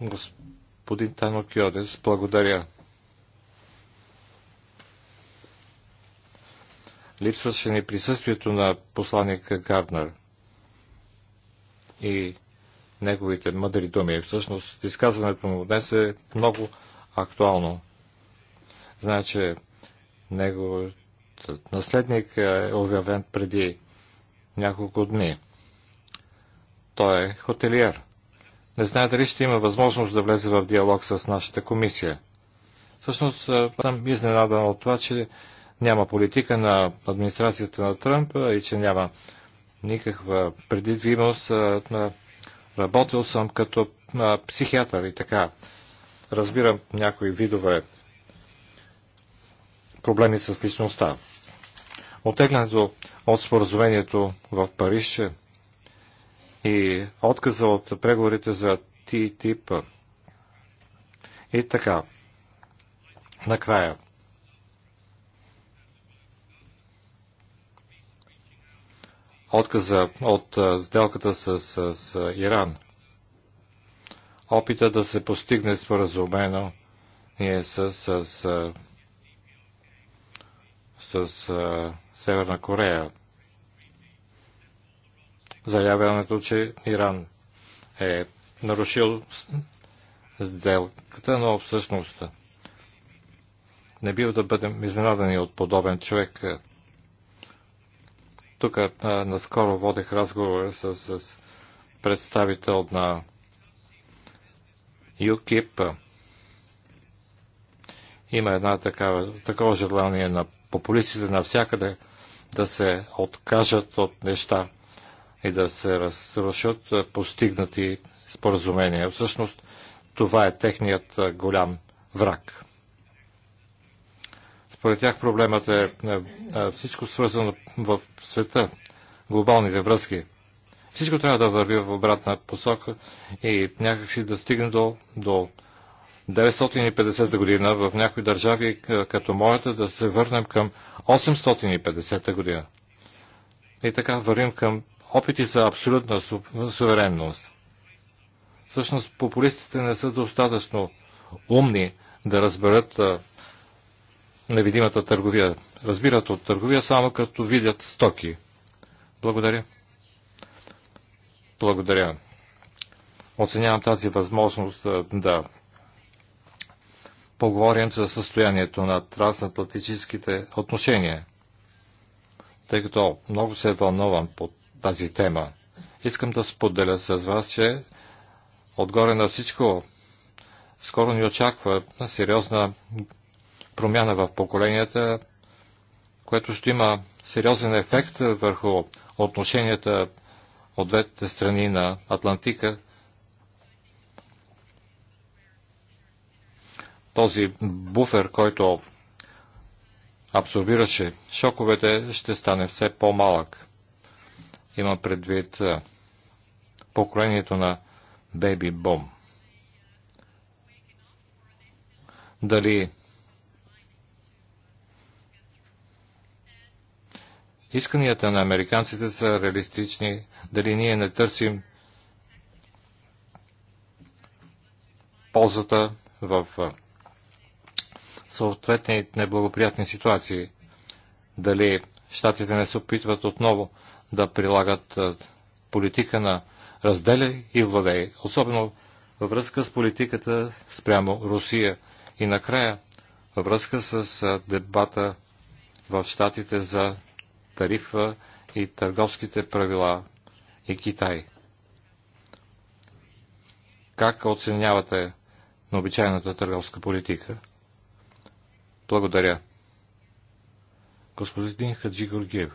Господин Тано Киодес, благодаря. Липсваше ни присъствието на посланника Гарднер и неговите мъдри думи. Всъщност, изказването му днес е много актуално. Значи, неговият наследник е обявен преди няколко дни. Той е хотелиер. Не знае дали ще има възможност да влезе в диалог с нашата комисия. Всъщност е, съм изненадан от това, че няма политика на администрацията на Тръмп и че няма никаква предвидимост. Работил съм като психиатър и така. Разбирам някои видове проблеми с личността. Отеглянето от споразумението в Париж и отказа от преговорите за ТИ тип и така. Накрая – отказа от сделката с, с, с Иран. Опита да се постигне споразумено ние с, с, с, с, с Северна Корея. Заявяването, че Иран е нарушил сделката, но всъщност не бива да бъдем изненадани от подобен човек. Тук а, наскоро водех разговор с, с представител на ЮКИП. Има една такава, такова желание на популистите навсякъде да се откажат от неща и да се разрушат постигнати споразумения. Всъщност това е техният голям враг. Според тях проблемът е, е, е всичко свързано в света, глобалните връзки. Всичко трябва да върви в обратна посока и някакси да стигне до, до 950 година в някои държави, е, като моята, да се върнем към 850 година. И така вървим към опити за абсолютна суверенност. Всъщност популистите не са достатъчно умни да разберат невидимата търговия. Разбират от търговия само като видят стоки. Благодаря. Благодаря. Оценявам тази възможност да поговорим за състоянието на трансатлантическите отношения, тъй като много се вълнувам по тази тема. Искам да споделя с вас, че отгоре на всичко скоро ни очаква сериозна промяна в поколенията, което ще има сериозен ефект върху отношенията от двете страни на Атлантика. Този буфер, който абсорбираше шоковете, ще стане все по-малък. Има предвид поколението на Бейби Бом. Дали исканията на американците са реалистични, дали ние не търсим ползата в съответни неблагоприятни ситуации. Дали щатите не се опитват отново да прилагат политика на разделя и владей, особено във връзка с политиката спрямо Русия. И накрая във връзка с дебата в щатите за тарифа и търговските правила и Китай. Как оценявате на обичайната търговска политика? Благодаря. Господин Хаджи Горгиев.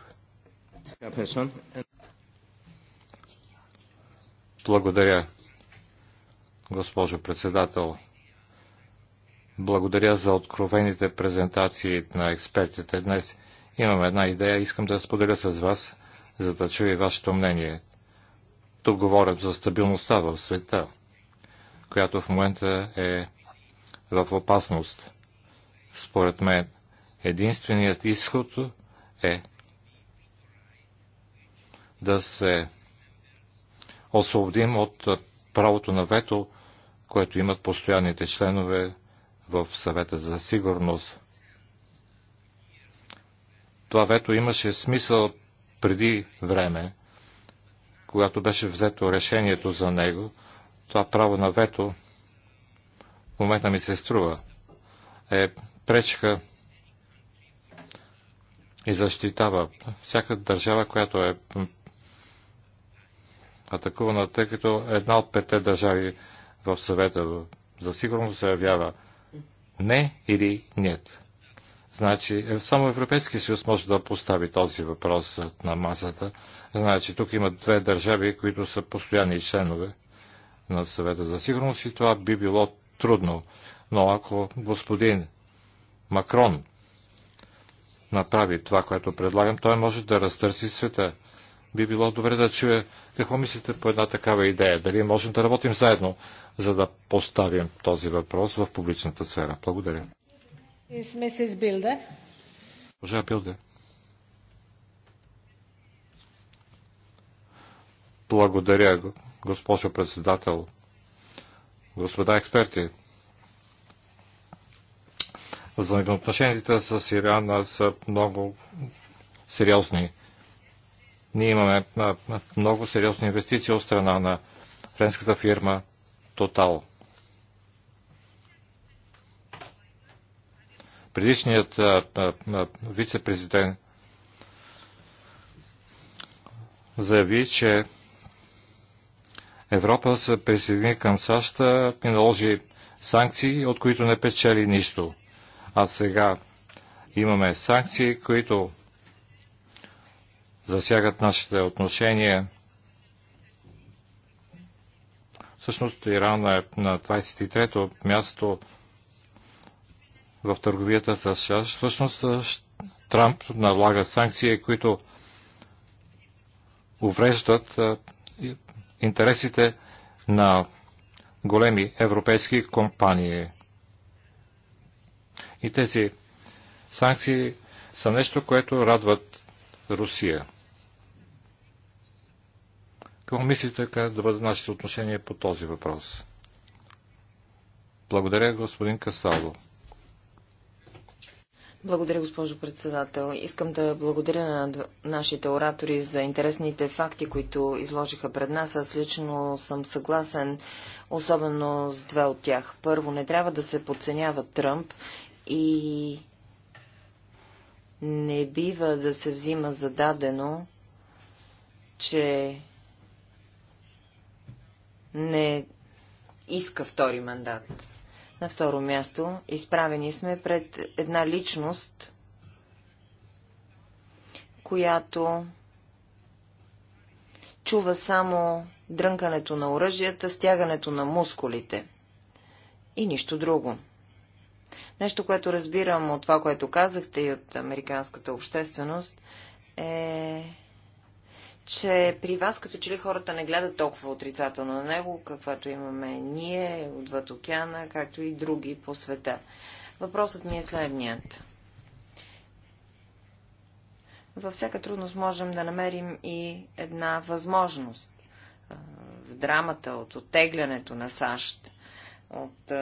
Благодаря, госпожо председател. Благодаря за откровените презентации на експертите днес. Имам една идея, искам да я споделя с вас, за да чуя и вашето мнение. Тук говорят за стабилността в света, която в момента е в опасност. Според мен, единственият изход е да се освободим от правото на вето, което имат постоянните членове в съвета за сигурност това вето имаше смисъл преди време, когато беше взето решението за него, това право на вето, в момента ми се струва, е пречка и защитава всяка държава, която е атакувана, тъй като една от пете държави в съвета за сигурност се явява не или нет. Значи, е, само Европейския съюз може да постави този въпрос е, на масата. Значи, тук има две държави, които са постоянни членове на съвета за сигурност и това би било трудно. Но ако господин Макрон направи това, което предлагам, той може да разтърси света. Би било добре да чуе какво мислите по една такава идея. Дали можем да работим заедно, за да поставим този въпрос в публичната сфера. Благодаря.
Госпожа
Благодаря, госпожо председател. Господа експерти, взаимоотношенията с Иран са много сериозни. Ние имаме много сериозни инвестиции от страна на френската фирма Total – предишният вице-президент заяви, че Европа се присъедини към САЩ и наложи санкции, от които не печели нищо. А сега имаме санкции, които засягат нашите отношения. Всъщност Иран е на 23-то място в търговията с САЩ. Всъщност Трамп налага санкции, които увреждат интересите на големи европейски компании. И тези санкции са нещо, което радват Русия. Какво мислите как да бъде нашето отношение по този въпрос? Благодаря, господин Касалов.
Благодаря, госпожо председател. Искам да благодаря на нашите оратори за интересните факти, които изложиха пред нас. Аз лично съм съгласен, особено с две от тях. Първо, не трябва да се подценява Тръмп и не бива да се взима зададено, че не иска втори мандат. На второ място, изправени сме пред една личност, която чува само дрънкането на оръжията, стягането на мускулите и нищо друго. Нещо, което разбирам от това, което казахте и от американската общественост, е че при вас като че ли хората не гледат толкова отрицателно на него, каквато имаме ние отвъд океана, както и други по света. Въпросът ми е следният. Във всяка трудност можем да намерим и една възможност. В драмата от оттеглянето на САЩ, от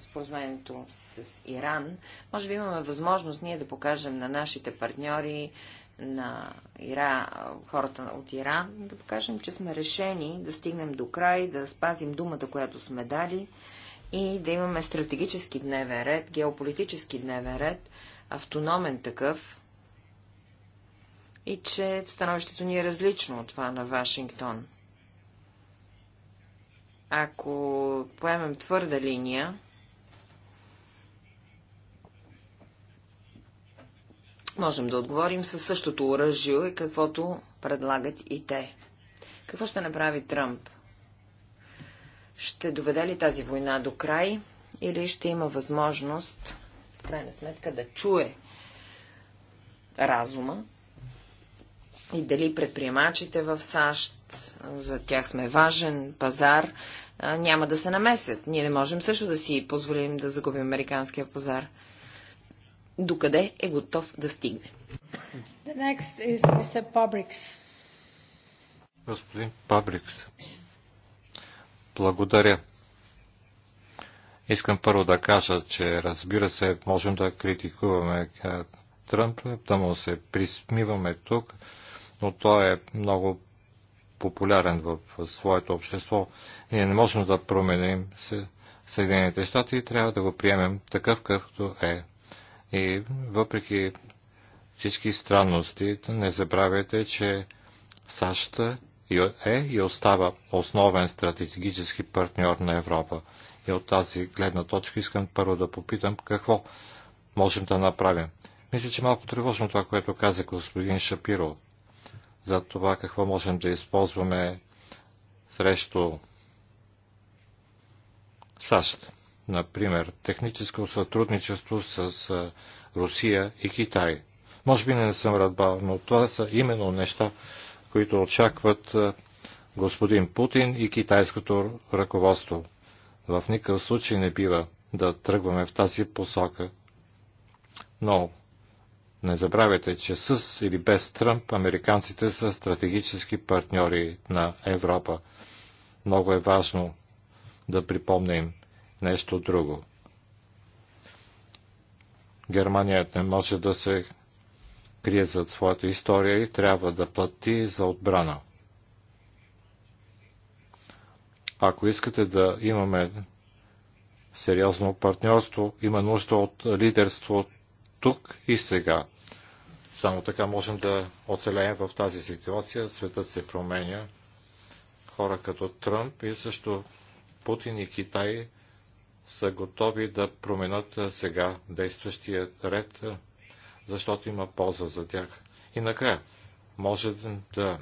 споразумението с Иран, може би имаме възможност ние да покажем на нашите партньори, на Ира, хората от Иран, да покажем, че сме решени да стигнем до край, да спазим думата, която сме дали и да имаме стратегически дневен ред, геополитически дневен ред, автономен такъв, и че становището ни е различно от това на Вашингтон. Ако поемем твърда линия, можем да отговорим със същото оръжие, каквото предлагат и те. Какво ще направи Тръмп? Ще доведе ли тази война до край или ще има възможност, в крайна сметка, да чуе разума и дали предприемачите в САЩ, за тях сме важен пазар, няма да се намесят. Ние не можем също да си позволим да загубим американския пазар докъде е готов да стигне.
The next is Mr.
Господин Пабрикс, благодаря. Искам първо да кажа, че разбира се, можем да критикуваме Тръмп, да му се присмиваме тук, но той е много популярен в своето общество. Ние не можем да променим Съединените щати и трябва да го приемем такъв, какъвто е. И въпреки всички странности, не забравяйте, че САЩ е и остава основен стратегически партньор на Европа. И от тази гледна точка искам първо да попитам какво можем да направим. Мисля, че малко тревожно това, което каза господин Шапиро за това какво можем да използваме срещу САЩ например, техническо сътрудничество с Русия и Китай. Може би не съм радбал, но това са именно неща, които очакват господин Путин и китайското ръководство. В никакъв случай не бива да тръгваме в тази посока. Но не забравяйте, че с или без Тръмп американците са стратегически партньори на Европа. Много е важно да припомним нещо друго. Германия не може да се крие зад своята история и трябва да плати за отбрана. Ако искате да имаме сериозно партньорство, има нужда от лидерство тук и сега. Само така можем да оцелеем в тази ситуация. Светът се променя. Хора като Тръмп и също Путин и Китай са готови да променят сега действащия ред, защото има полза за тях. И накрая, може да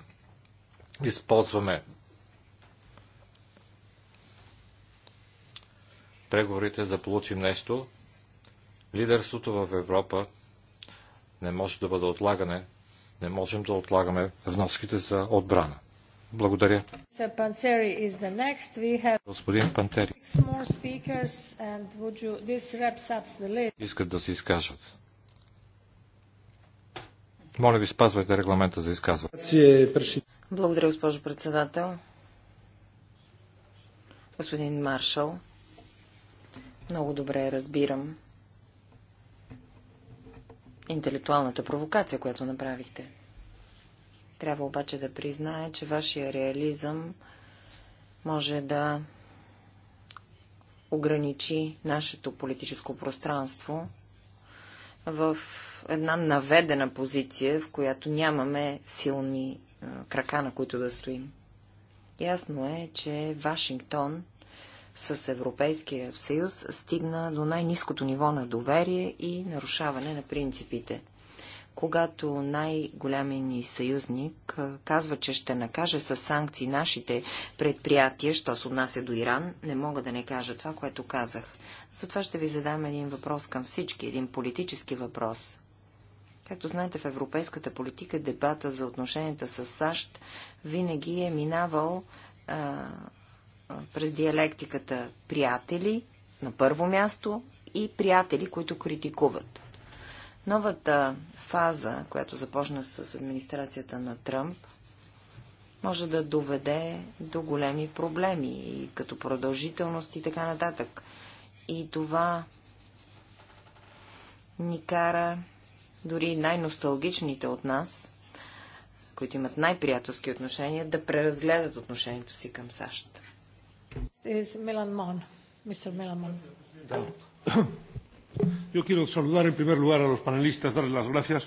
използваме преговорите да получим нещо. Лидерството в Европа не може да бъде отлагане. Не можем да отлагаме вноските за отбрана. Благодаря. Господин Пантери. Искат да се изкажат. Моля ви, спазвайте регламента за изказване.
Благодаря, госпожо председател. Господин Маршал, много добре разбирам интелектуалната провокация, която направихте. Трябва обаче да признае, че вашия реализъм може да ограничи нашето политическо пространство в една наведена позиция, в която нямаме силни е, крака, на които да стоим. Ясно е, че Вашингтон с Европейския съюз стигна до най-низкото ниво на доверие и нарушаване на принципите когато най голямия ни съюзник казва, че ще накаже с санкции нашите предприятия, що се отнася до Иран, не мога да не кажа това, което казах. Затова ще ви задам един въпрос към всички, един политически въпрос. Както знаете, в европейската политика дебата за отношенията с САЩ винаги е минавал а, през диалектиката приятели на първо място и приятели, които критикуват. Новата фаза, която започна с администрацията на Тръмп, може да доведе до големи проблеми, и като продължителност и така нататък. И това ни кара дори най-носталгичните от нас, които имат най-приятелски отношения, да преразгледат отношението си към САЩ.
Милан Мон. Мистер Милан Мон.
Yo quiero saludar en primer lugar a los panelistas, darles las gracias.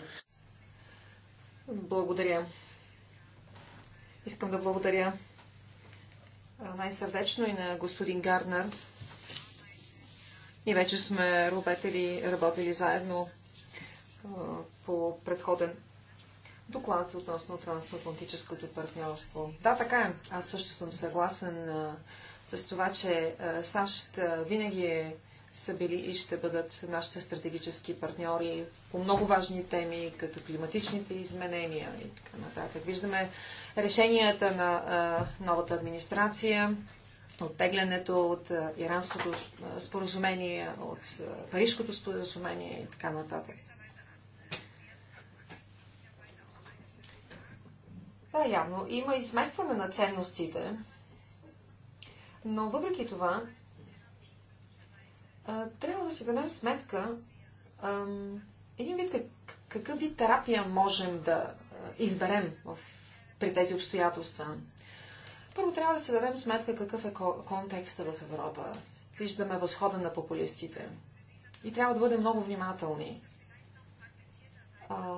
Благодаря. Искам да благодаря най-сърдечно и на господин Гарнер. Ние вече сме работили, работили заедно по предходен доклад относно трансатлантическото партньорство. Да, така е. Аз също съм съгласен с това, че САЩ винаги е са били и ще бъдат нашите стратегически партньори по много важни теми, като климатичните изменения и така нататък. Виждаме решенията на а, новата администрация, оттеглянето от а, иранското споразумение, от а, парижкото споразумение и така нататък. Да, явно. Има изместване на ценностите, но въпреки това трябва да си дадем сметка един вид какъв вид терапия можем да изберем в, при тези обстоятелства. Първо трябва да си дадем сметка какъв е контекста в Европа. Виждаме възхода на популистите. И трябва да бъдем много внимателни. А,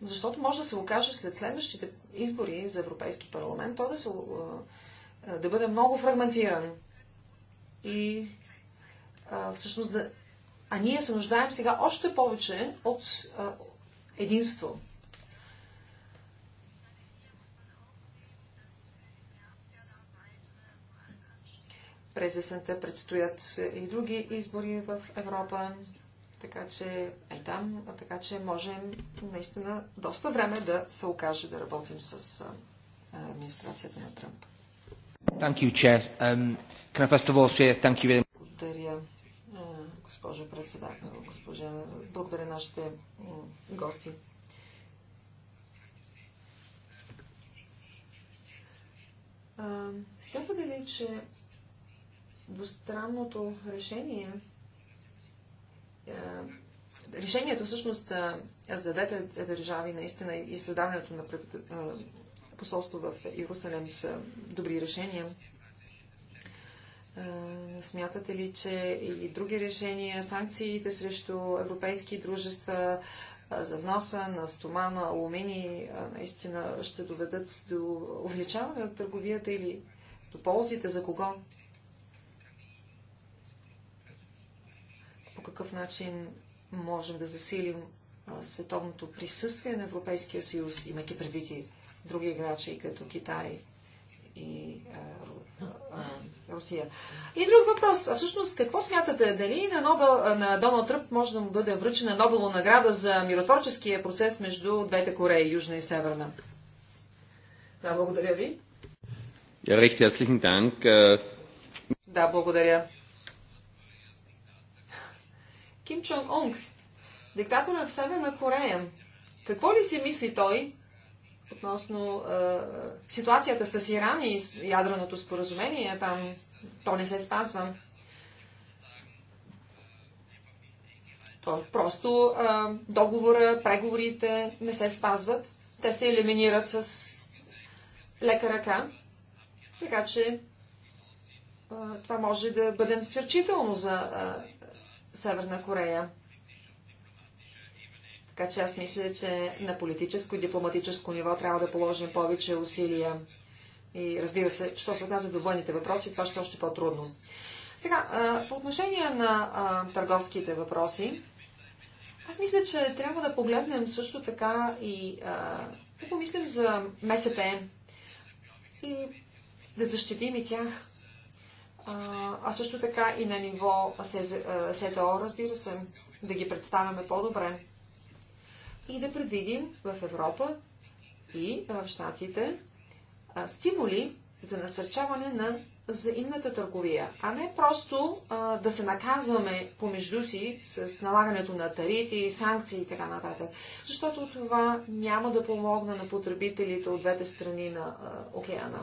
защото може да се окаже след следващите избори за Европейски парламент, то да, се, да бъде много фрагментиран. И всъщност да... А ние се нуждаем сега още повече от а, единство. През есента предстоят и други избори в Европа, така че е там, така че можем наистина доста време да се окаже да работим с администрацията на Тръмп. Thank you, Chair. Um, can I first of
all say thank you very
госпожо председател, госпожа. Благодаря нашите гости. Смятате ли, че двустранното решение решението всъщност за двете държави наистина и създаването на посолство в Иерусалим са добри решения. Е, смятате ли, че и други решения, санкциите срещу европейски дружества е, за вноса на стомана, алумини, е, наистина ще доведат до увеличаване на търговията или до ползите за кого? По какъв начин можем да засилим световното присъствие на Европейския съюз, имайки предвид и други играчи, като Китай и е, Русия. И друг въпрос. А всъщност какво смятате? Дали на, Нобел, на Доналд Тръп може да му бъде връчена Нобелова награда за миротворческия процес между двете Кореи, Южна и Северна? Да, благодаря ви.
Ja, recht herzlichen Dank. Äh,
да, благодаря. Ким Чонг Онг, диктатор в Северна Корея. Какво ли си мисли той относно а, ситуацията с Иран и ядреното споразумение. Там то не се спазва. То е просто а, договора, преговорите не се спазват. Те се елиминират с лека ръка. Така че а, това може да бъде насърчително за а, Северна Корея. Така че аз мисля, че на политическо и дипломатическо ниво трябва да положим повече усилия. И разбира се, що се отнася до военните въпроси, това ще е още по-трудно. Сега, по отношение на търговските въпроси, аз мисля, че трябва да погледнем също така и да помислим за МСП и да защитим и тях. А, а също така и на ниво СТО, разбира се, да ги представяме по-добре и да предвидим в Европа и в Штатите стимули за насърчаване на взаимната търговия, а не просто а, да се наказваме помежду си с налагането на тарифи, санкции и така нататък. Защото това няма да помогне на потребителите от двете страни на а, океана.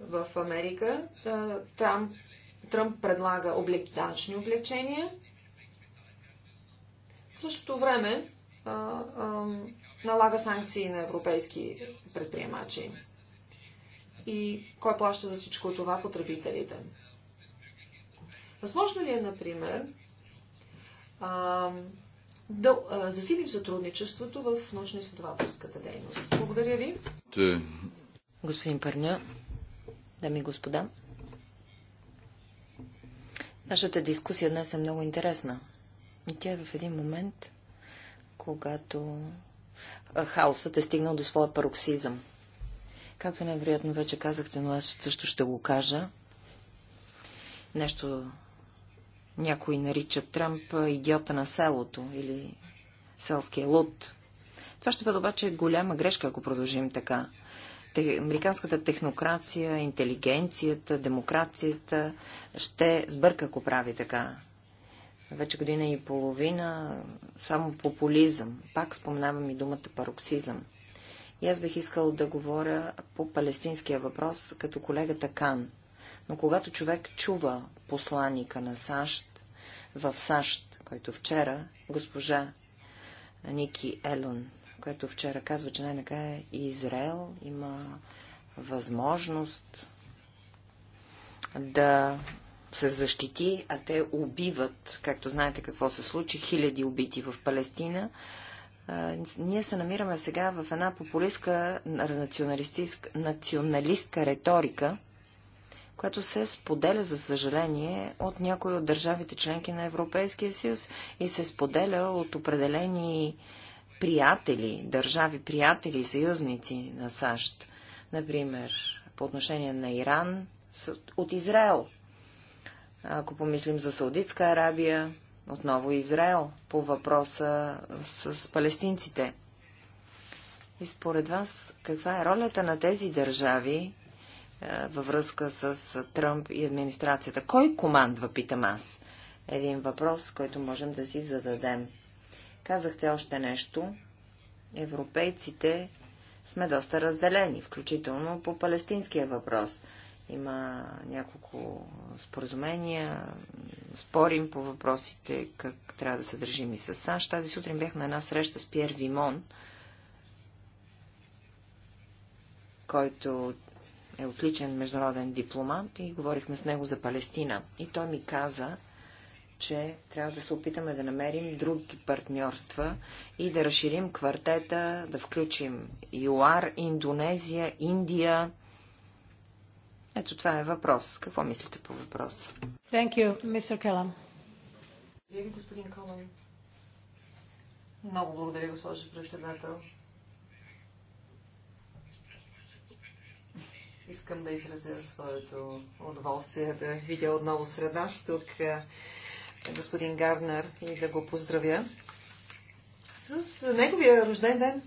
В Америка а, Трамп, Тръмп предлага облег, данчни облегчения, в същото време а, а, налага санкции на европейски предприемачи. И кой плаща за всичко това? Потребителите. Възможно ли е, например, а, да засилим сътрудничеството в научно-изследователската дейност? Благодаря ви.
Господин Парня, дами и господа, нашата дискусия днес е много интересна. И тя е в един момент, когато хаосът е стигнал до своя пароксизъм. Както невероятно вече казахте, но аз също ще го кажа. Нещо някои наричат Трамп идиота на селото или селския луд. Това ще бъде обаче голяма грешка, ако продължим така. американската технокрация, интелигенцията, демокрацията ще сбърка, ако прави така вече година и половина само популизъм. Пак споменавам и думата пароксизъм. И аз бих искал да говоря по палестинския въпрос като колегата Кан. Но когато човек чува посланика на САЩ в САЩ, който вчера, госпожа Ники Елон, който вчера казва, че най-накрая и Израел има възможност да се защити, а те убиват, както знаете какво се случи, хиляди убити в Палестина. Ние се намираме сега в една популистка националистка риторика, която се споделя, за съжаление, от някои от държавите членки на Европейския съюз и се споделя от определени приятели, държави приятели и съюзници на САЩ. Например, по отношение на Иран, от Израел. Ако помислим за Саудитска Арабия, отново Израел, по въпроса с палестинците. И според вас, каква е ролята на тези държави е, във връзка с Тръмп и администрацията? Кой командва, питам аз? Един въпрос, който можем да си зададем. Казахте още нещо. Европейците сме доста разделени, включително по палестинския въпрос – има няколко споразумения, спорим по въпросите как трябва да се държим и с САЩ. Тази сутрин бях на една среща с Пьер Вимон, който е отличен международен дипломат и говорихме с него за Палестина. И той ми каза, че трябва да се опитаме да намерим други партньорства и да разширим квартета, да включим ЮАР, Индонезия, Индия, ето това е въпрос. Какво мислите по въпроса?
Thank you, Mr. Келан.
Благодаря ви, господин Колан. Много благодаря, госпожо председател. Искам да изразя своето удоволствие да видя отново сред нас тук е, господин Гарнер и да го поздравя с неговия рожден ден.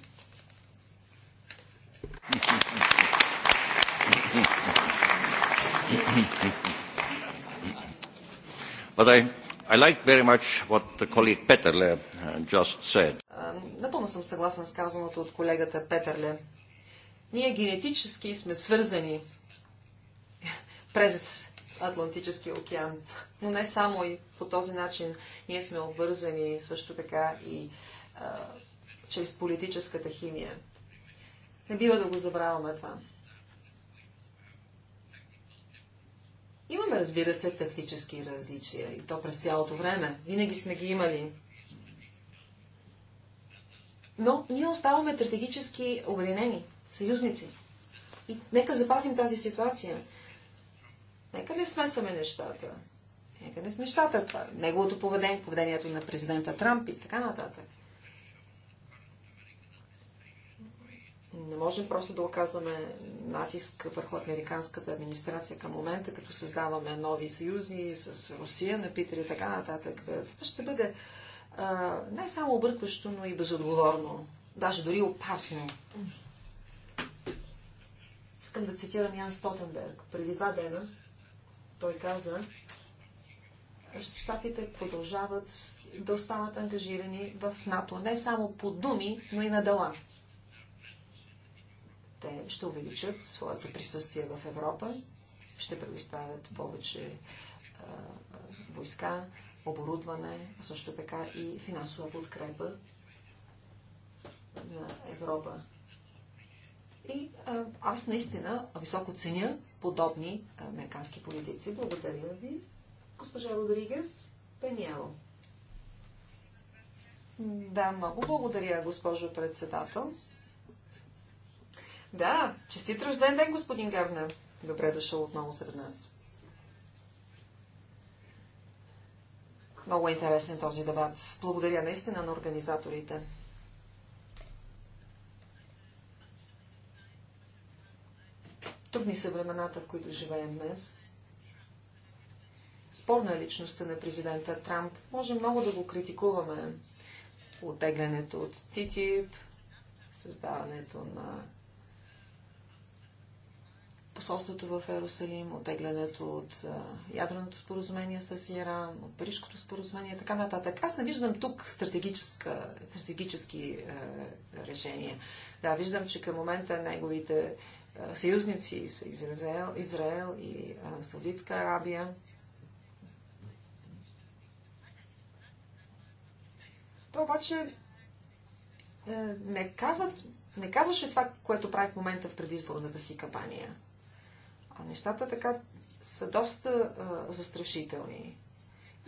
But I, I like very much what the colleague Peterle uh, just said.
Напълно съм съгласен с казаното от колегата Петърле. Ние генетически сме свързани през Атлантическия океан, но не само и по този начин. Ние сме обвързани също така и а, чрез политическата химия. Не бива да го забравяме това. Имаме, разбира се, тактически различия и то през цялото време. Винаги сме ги имали. Но ние оставаме стратегически обединени, съюзници. И нека запазим тази ситуация. Нека не смесаме нещата. Нека не смещата това. Неговото поведение, поведението на президента Трамп и така нататък. Не можем просто да оказваме натиск върху американската администрация към момента, като създаваме нови съюзи с Русия, напитър и така нататък. Това ще бъде а, не само объркващо, но и безотговорно, даже дори опасно. Искам да цитирам Ян Стотенберг. Преди два дена той каза, щатите продължават да останат ангажирани в НАТО, не само по думи, но и на дела. Те ще увеличат своето присъствие в Европа, ще предоставят повече а, войска, оборудване, а също така и финансова подкрепа на Европа. И а, аз наистина високо ценя подобни американски политици. Благодаря ви, госпожа Родригес Пениало. Да, много благодаря, госпожо председател. Да, честит рожден ден, господин Гарна. Добре дошъл отново сред нас. Много е интересен този дебат. Благодаря наистина на организаторите. Тук ни са времената, в които живеем днес. Спорна е личността на президента Трамп. Може много да го критикуваме. Отеглянето от ТТИП, създаването на посолството в Ерусалим, отеглянето от ядреното споразумение с Иран, от Парижкото споразумение и така нататък. Аз не виждам тук стратегически е, решения. Да, виждам, че към момента неговите е, съюзници са Израел, Израел и е, Саудитска Арабия. То обаче е, не, казват, не казваше това, което прави в момента в предизборната си кампания нещата така са доста а, застрашителни.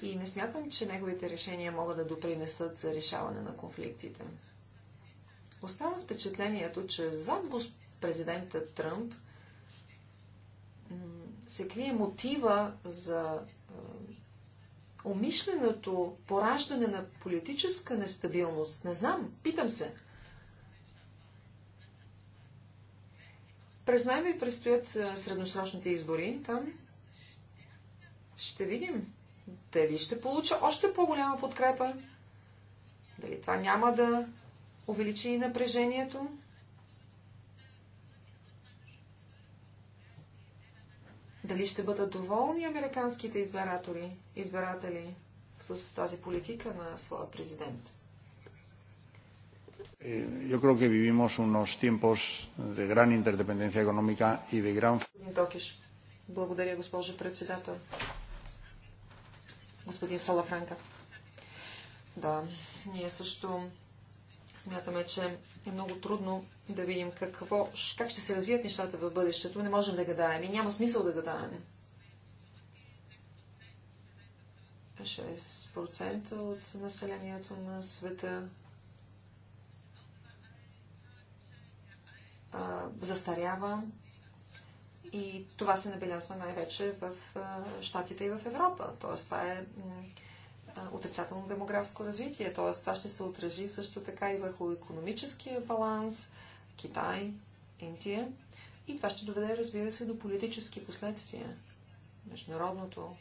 И не смятам, че неговите решения могат да допринесат за решаване на конфликтите. Остава с впечатлението, че зад президента Тръмп се крие мотива за умишленото пораждане на политическа нестабилност. Не знам, питам се. През ноември предстоят средносрочните избори. Там ще видим дали ще получа още по-голяма подкрепа. Дали това няма да увеличи напрежението. Дали ще бъдат доволни американските избиратели, избиратели с тази политика на своя президент?
Eh, yo creo que vivimos unos tiempos de gran interdependencia económica y de gran.
Благодаря, госпожо председател. Господин Салафранка. Да, ние също смятаме, че е много трудно да видим какво, как ще се развият нещата в бъдещето. Не можем да гадаем и няма смисъл да гадаем. 6% от населението на света а, застарява и това се набелязва най-вече в Штатите и в Европа. Тоест това е отрицателно демографско развитие. Т.е. това ще се отражи също така и върху економическия баланс, Китай, Индия. И това ще доведе, разбира се, до политически последствия. Международното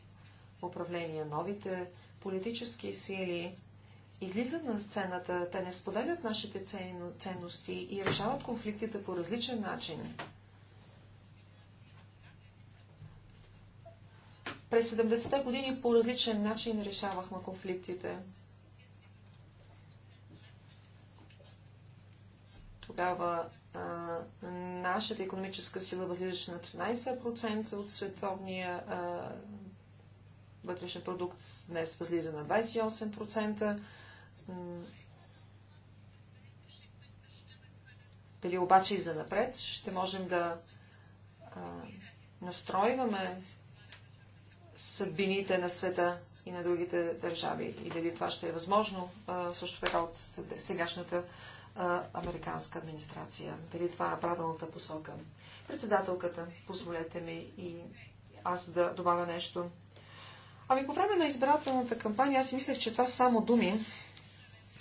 управление, новите политически сили излизат на сцената, те не споделят нашите ценности и решават конфликтите по различен начин. През 70-те години по различен начин решавахме конфликтите. Тогава а, нашата економическа сила възлизаше на 13% от световния а, вътрешен продукт днес възлиза на 28%. Дали обаче и за напред ще можем да а, настройваме съдбините на света и на другите държави и дали това ще е възможно а, също така от сегашната а, американска администрация. Дали това е правилната посока. Председателката, позволете ми и аз да добавя нещо. Ами по време на избирателната кампания аз си мислех, че това са само думи,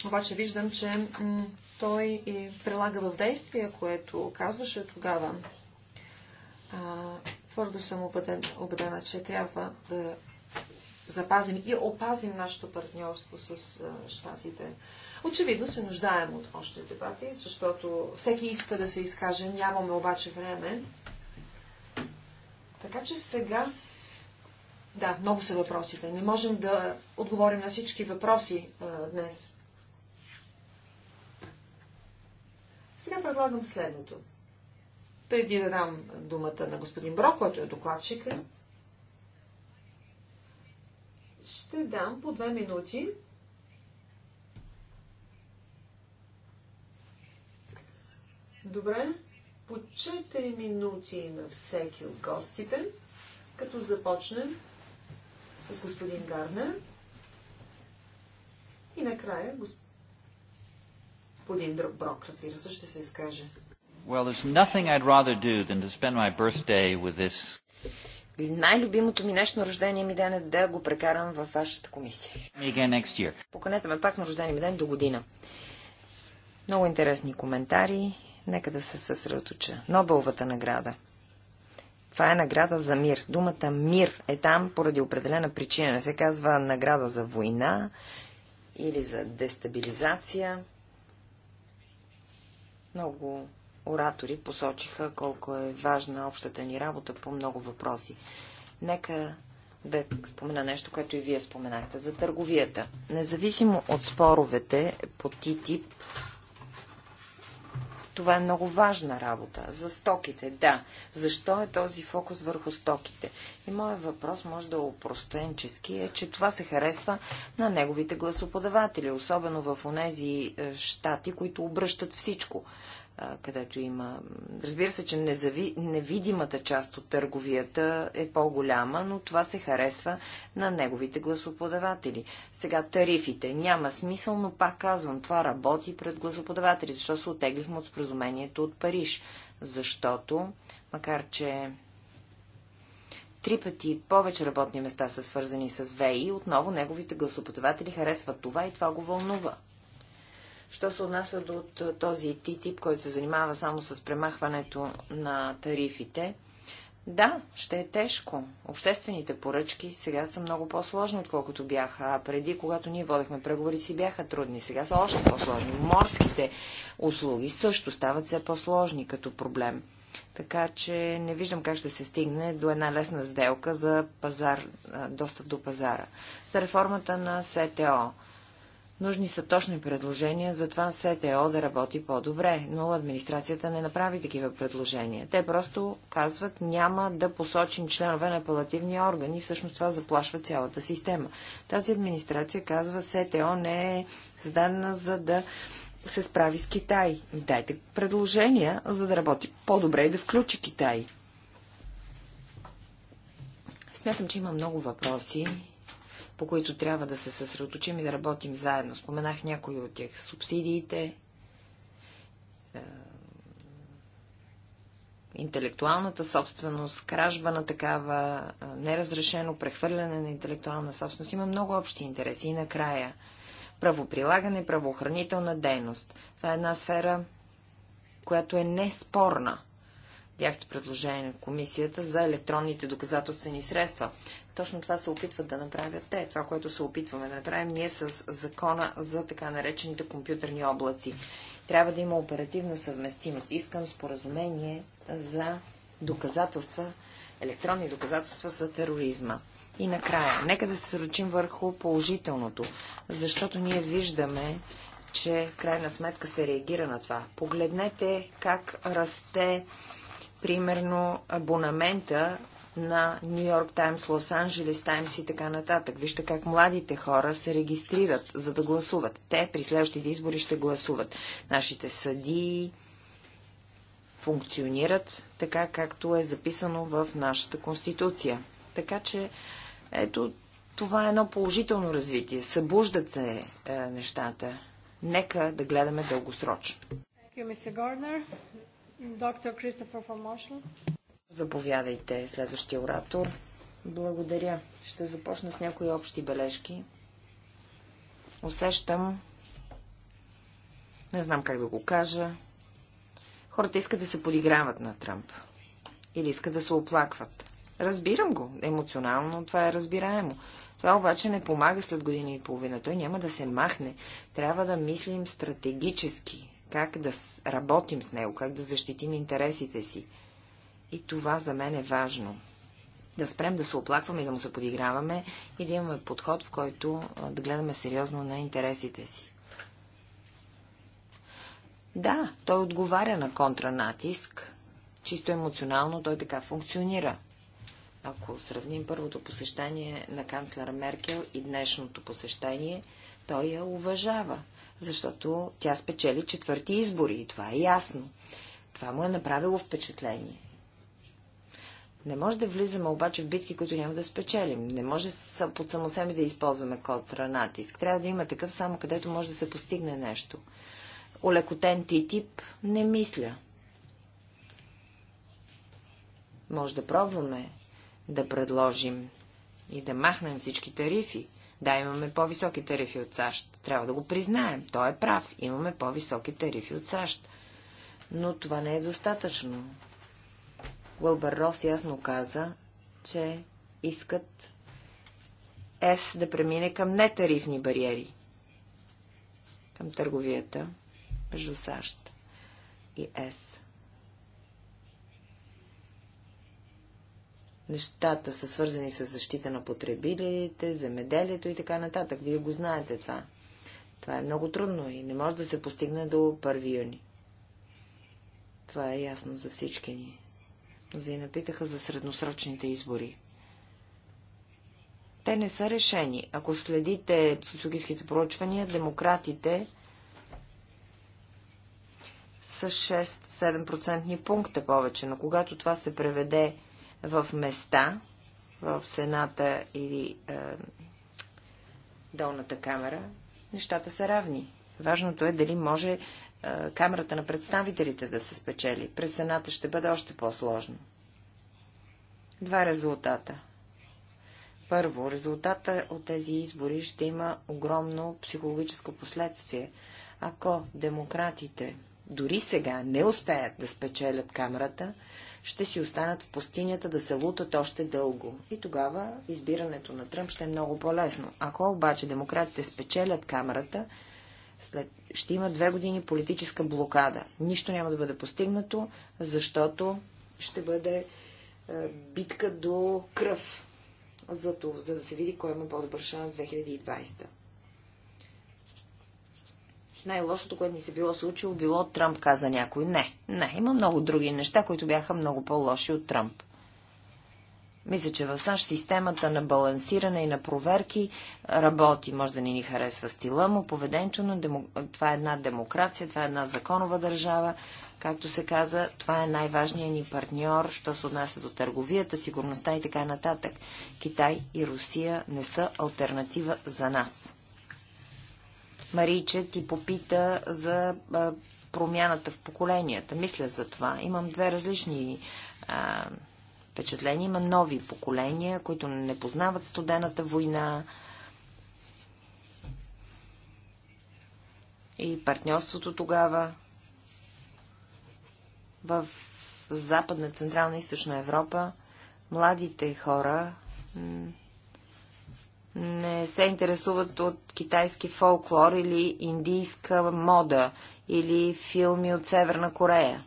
обаче виждам, че той и прилага в действие, което казваше тогава. А, твърдо съм убеден, убедена, че трябва да запазим и опазим нашето партньорство с а, щатите. Очевидно се нуждаем от още дебати, защото всеки иска да се изкаже, нямаме обаче време. Така че сега да, много са въпросите. Не можем да отговорим на всички въпроси а, днес. Сега предлагам следното. Преди да дам думата на господин Бро, който е докладчика, ще дам по две минути Добре. По 4 минути на всеки от гостите, като започнем с господин Гарнер и накрая господин Господин Брок, разбира се, ще се изкаже.
Well,
there's nothing I'd rather do than to spend my birthday with this.
Най-любимото ми нещо на рождение ми ден е да го прекарам във вашата комисия.
Again next year.
Поканете ме пак на рождение ми ден до година. Много интересни коментари. Нека да се съсредоточа. Нобеловата награда. Това е награда за мир. Думата мир е там поради определена причина. Не се казва награда за война или за дестабилизация. Много оратори посочиха колко е важна общата ни работа по много въпроси. Нека да спомена нещо, което и вие споменахте за търговията. Независимо от споровете по ТИТИП, това е много важна работа. За стоките, да. Защо е този фокус върху стоките? И моят въпрос може да е опростенчески, е, че това се харесва на неговите гласоподаватели, особено в онези е, щати, които обръщат всичко където има... Разбира се, че незави... невидимата част от търговията е по-голяма, но това се харесва на неговите гласоподаватели. Сега тарифите. Няма смисъл, но пак казвам, това работи пред гласоподаватели. Защо се отеглихме от споразумението от Париж? Защото, макар че три пъти повече работни места са свързани с ВЕИ, отново неговите гласоподаватели харесват това и това го вълнува. Що се отнася до от този ТИТИП, който се занимава само с премахването на тарифите, да, ще е тежко. Обществените поръчки сега са много по-сложни, отколкото бяха. А преди, когато ние водехме преговори, си бяха трудни. Сега са още по-сложни. Морските услуги също стават все по-сложни като проблем. Така че не виждам как ще се стигне до една лесна сделка за пазар, достъп до пазара. За реформата на СТО. Нужни са точни предложения, затова СТО да работи по-добре, но администрацията не направи такива предложения. Те просто казват, няма да посочим членове на апелативни органи, и всъщност това заплашва цялата система. Тази администрация казва, СТО не е създадена за да се справи с Китай. Дайте предложения, за да работи по-добре и да включи Китай. Смятам, че има много въпроси по които трябва да се съсредоточим и да работим заедно. Споменах някои от тях. Субсидиите, е, интелектуалната собственост, кражба на такава, е, неразрешено прехвърляне на интелектуална собственост. Има много общи интереси. И накрая правоприлагане, правоохранителна дейност. Това е една сфера, която е неспорна видяхте предложение на комисията за електронните доказателствени средства. Точно това се опитват да направят те. Това, което се опитваме да направим ние с закона за така наречените компютърни облаци. Трябва да има оперативна съвместимост. Искам споразумение за доказателства, електронни доказателства за тероризма. И накрая, нека да се сръчим върху положителното, защото ние виждаме, че в крайна сметка се реагира на това. Погледнете как расте примерно абонамента на Нью Йорк Таймс, Лос Анджелес Таймс и така нататък. Вижте как младите хора се регистрират, за да гласуват. Те при следващите избори ще гласуват. Нашите съдии функционират така, както е записано в нашата конституция. Така че, ето, това е едно положително развитие. Събуждат се е, нещата. Нека да гледаме дългосрочно.
Доктор Кристофър Фомошъл.
Заповядайте, следващия оратор. Благодаря. Ще започна с някои общи бележки. Усещам, не знам как да го кажа, хората искат да се подиграват на Тръмп. Или искат да се оплакват. Разбирам го. Емоционално това е разбираемо. Това обаче не помага след година и половина. Той няма да се махне. Трябва да мислим стратегически как да работим с него, как да защитим интересите си. И това за мен е важно. Да спрем да се оплакваме и да му се подиграваме и да имаме подход, в който да гледаме сериозно на интересите си. Да, той отговаря на контранатиск. Чисто емоционално той така функционира. Ако сравним първото посещение на канцлера Меркел и днешното посещение, той я уважава защото тя спечели четвърти избори и това е ясно. Това му е направило впечатление. Не може да влизаме обаче в битки, които няма да спечелим. Не може под само себе да използваме контра натиск. Трябва да има такъв само, където може да се постигне нещо. Олекотен ти тип не мисля. Може да пробваме да предложим и да махнем всички тарифи, да, имаме по-високи тарифи от САЩ. Трябва да го признаем. Той е прав. Имаме по-високи тарифи от САЩ. Но това не е достатъчно. Уълбър Рос ясно каза, че искат ЕС да премине към нетарифни бариери. Към търговията между САЩ и ЕС. Нещата са свързани с защита на потребителите, земеделието и така нататък. Вие го знаете това. Това е много трудно и не може да се постигне до 1 юни. Това е ясно за всички ни. Мнози напитаха за средносрочните избори. Те не са решени. Ако следите социологическите проучвания, демократите са 6-7% пункта повече, но когато това се преведе в места, в Сената или е, долната камера, нещата са равни. Важното е дали може е, камерата на представителите да се спечели. През Сената ще бъде още по-сложно. Два резултата. Първо, резултата от тези избори ще има огромно психологическо последствие. Ако демократите дори сега не успеят да спечелят камерата, ще си останат в пустинята да се лутат още дълго. И тогава избирането на Тръмп ще е много по-лесно. Ако обаче демократите спечелят камерата, след... ще има две години политическа блокада. Нищо няма да бъде постигнато, защото
ще бъде е, битка до
кръв, за, то, за да се види кой има по-добър шанс 2020 най-лошото, което ни се било случило, било Тръмп, каза някой. Не, не, има много други неща, които бяха много по-лоши от Тръмп. Мисля, че в САЩ системата на балансиране и на проверки работи. Може да ни ни харесва стила му, поведението, на демо... това е една демокрация, това е една законова държава. Както се каза, това е най-важният ни партньор, що се отнася до търговията, сигурността и така нататък. Китай и Русия не са альтернатива за нас. Марича ти попита за промяната в поколенията. Мисля за това. Имам две различни а, впечатления. Има нови поколения, които не познават студената война. И партньорството тогава в Западна, Централна и Източна Европа младите хора не се интересуват от китайски фолклор или индийска мода или филми от Северна Корея.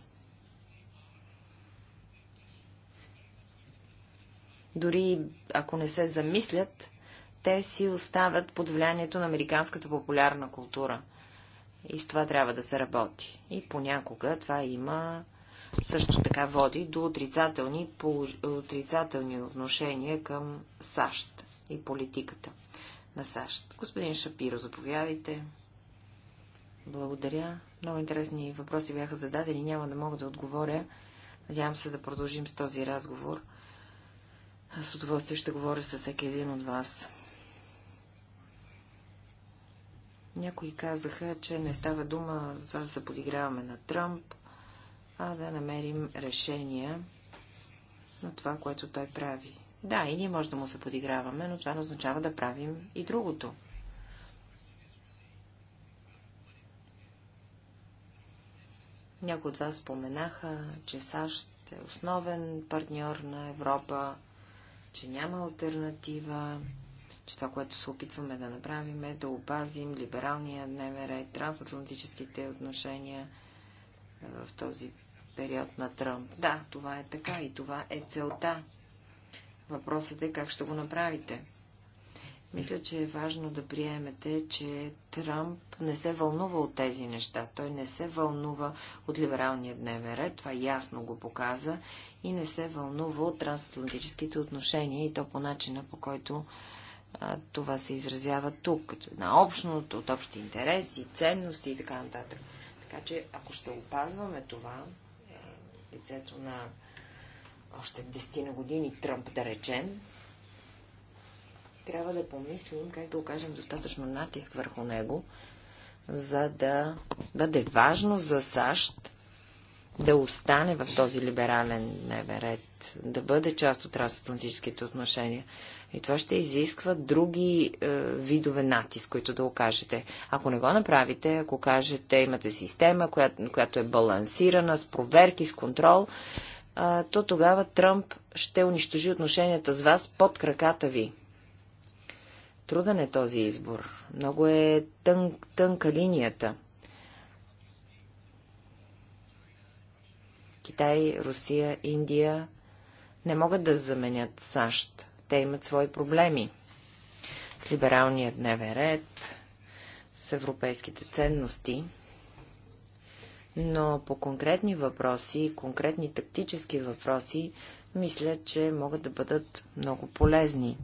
Дори ако не се замислят, те си оставят под влиянието на американската популярна култура. И с това трябва да се работи. И понякога това има също така води до отрицателни, отрицателни отношения към САЩ и политиката на САЩ. Господин Шапиро, заповядайте. Благодаря. Много интересни въпроси бяха зададени. Няма да мога да отговоря. Надявам се да продължим с този разговор. С удоволствие ще говоря с всеки един от вас. Някои казаха, че не става дума за това да се подиграваме на Тръмп, а да намерим решения на това, което той прави. Да, и ние може да му се подиграваме, но това не означава да правим и другото. Някои от вас споменаха, че САЩ е основен партньор на Европа, че няма альтернатива, че това, което се опитваме да направим е да опазим либералния дневен ред, трансатлантическите отношения е, в този период на Тръмп. Да, това е така и това е целта. Въпросът е как ще го направите. Мисля, че е важно да приемете, че Трамп не се вълнува от тези неща. Той не се вълнува от либералния дневен ред, това ясно го показа, и не се вълнува от трансатлантическите отношения и то по начина, по който а, това се изразява тук, като на общност, от общи интереси, ценности и така нататък. Така че, ако ще опазваме това, лицето на още 10 на години Тръмп, да речем, трябва да помислим как да окажем достатъчно натиск върху него, за да бъде важно за САЩ да остане в този либерален дневен да бъде част от трансатлантическите отношения. И това ще изисква други е, видове натиск, които да окажете. Ако не го направите, ако кажете, имате система, която, която е балансирана с проверки, с контрол, а, то тогава Тръмп ще унищожи отношенията с вас под краката ви. Труден е този избор. Много е тън, тънка линията. Китай, Русия, Индия не могат да заменят САЩ. Те имат свои проблеми. С либералният дневен ред, с европейските ценности – но по конкретни въпроси, конкретни тактически въпроси, мисля, че могат да бъдат много полезни.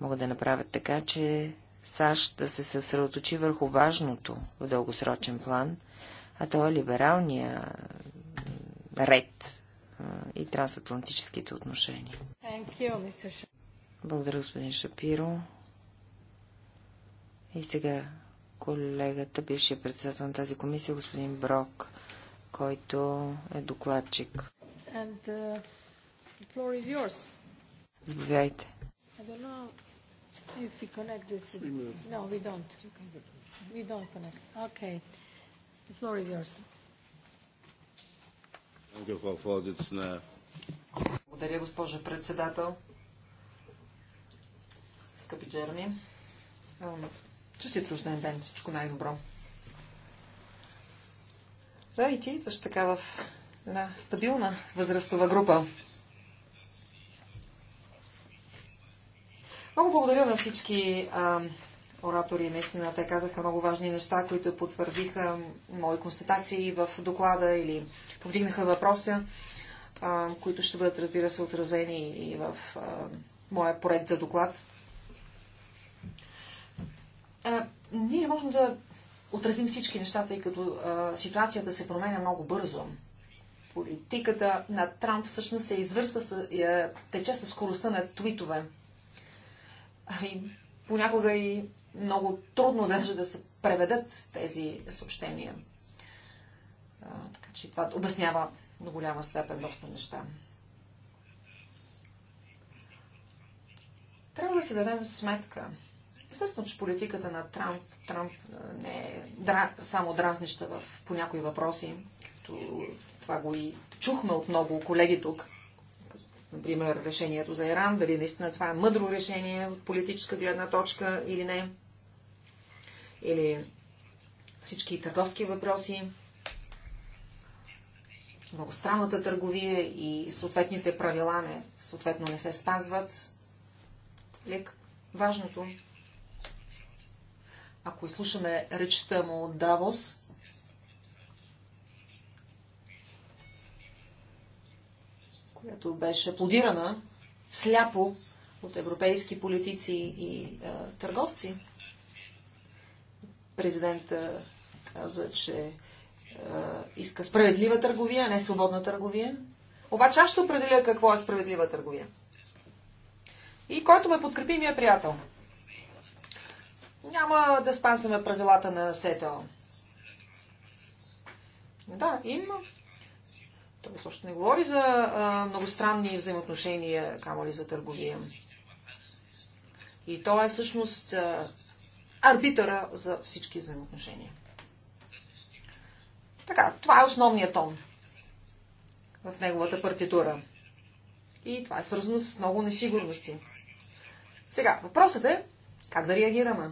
Могат да направят така, че САЩ да се съсредоточи върху важното в дългосрочен план, а то е либералния ред и трансатлантическите отношения. Благодаря, господин Шапиро. И сега колегата, бившия председател на тази комисия, господин Брок, който е докладчик.
And, uh, The floor is yours. Uh,
Благодаря, госпожа председател. Скъпи Джерми, Честит рожден ден, всичко най-добро. Да, и ти идваш така в една стабилна възрастова група. Много благодаря на всички а, оратори. Наистина те казаха много важни неща, които потвърдиха мои констатации в доклада или повдигнаха въпроса, а, които ще бъдат, разбира се, отразени и в а, моя проект за доклад а, ние не можем да отразим всички нещата, тъй като а, ситуацията се променя много бързо. Политиката на Трамп всъщност се извърса, с, я, тече с скоростта на твитове. и понякога и много трудно даже да се преведат тези съобщения. А, така че това обяснява до голяма степен доста неща. Трябва да си дадем сметка, Естествено, че политиката на Трамп, Трамп не е дра, само дразнища в, по някои въпроси, като това го и чухме от много колеги тук. Например, решението за Иран, дали наистина това е мъдро решение от политическа гледна точка или не. Или всички търговски въпроси, многостранната търговия и съответните правила не, съответно не се спазват. Лек, важното ако изслушаме речта му от Давос, която беше аплодирана сляпо от европейски политици и е, търговци. Президента каза, че е, иска справедлива търговия, а не свободна търговия. Обаче аз ще определя какво е справедлива търговия. И който ме подкрепи, ми е приятел няма да спазваме правилата на СТО. Да, има. Той също не говори за а, многостранни взаимоотношения, камо ли за търговия. И той е всъщност а, арбитъра за всички взаимоотношения. Така, това е основният тон в неговата партитура. И това е свързано с много несигурности. Сега, въпросът е как да реагираме.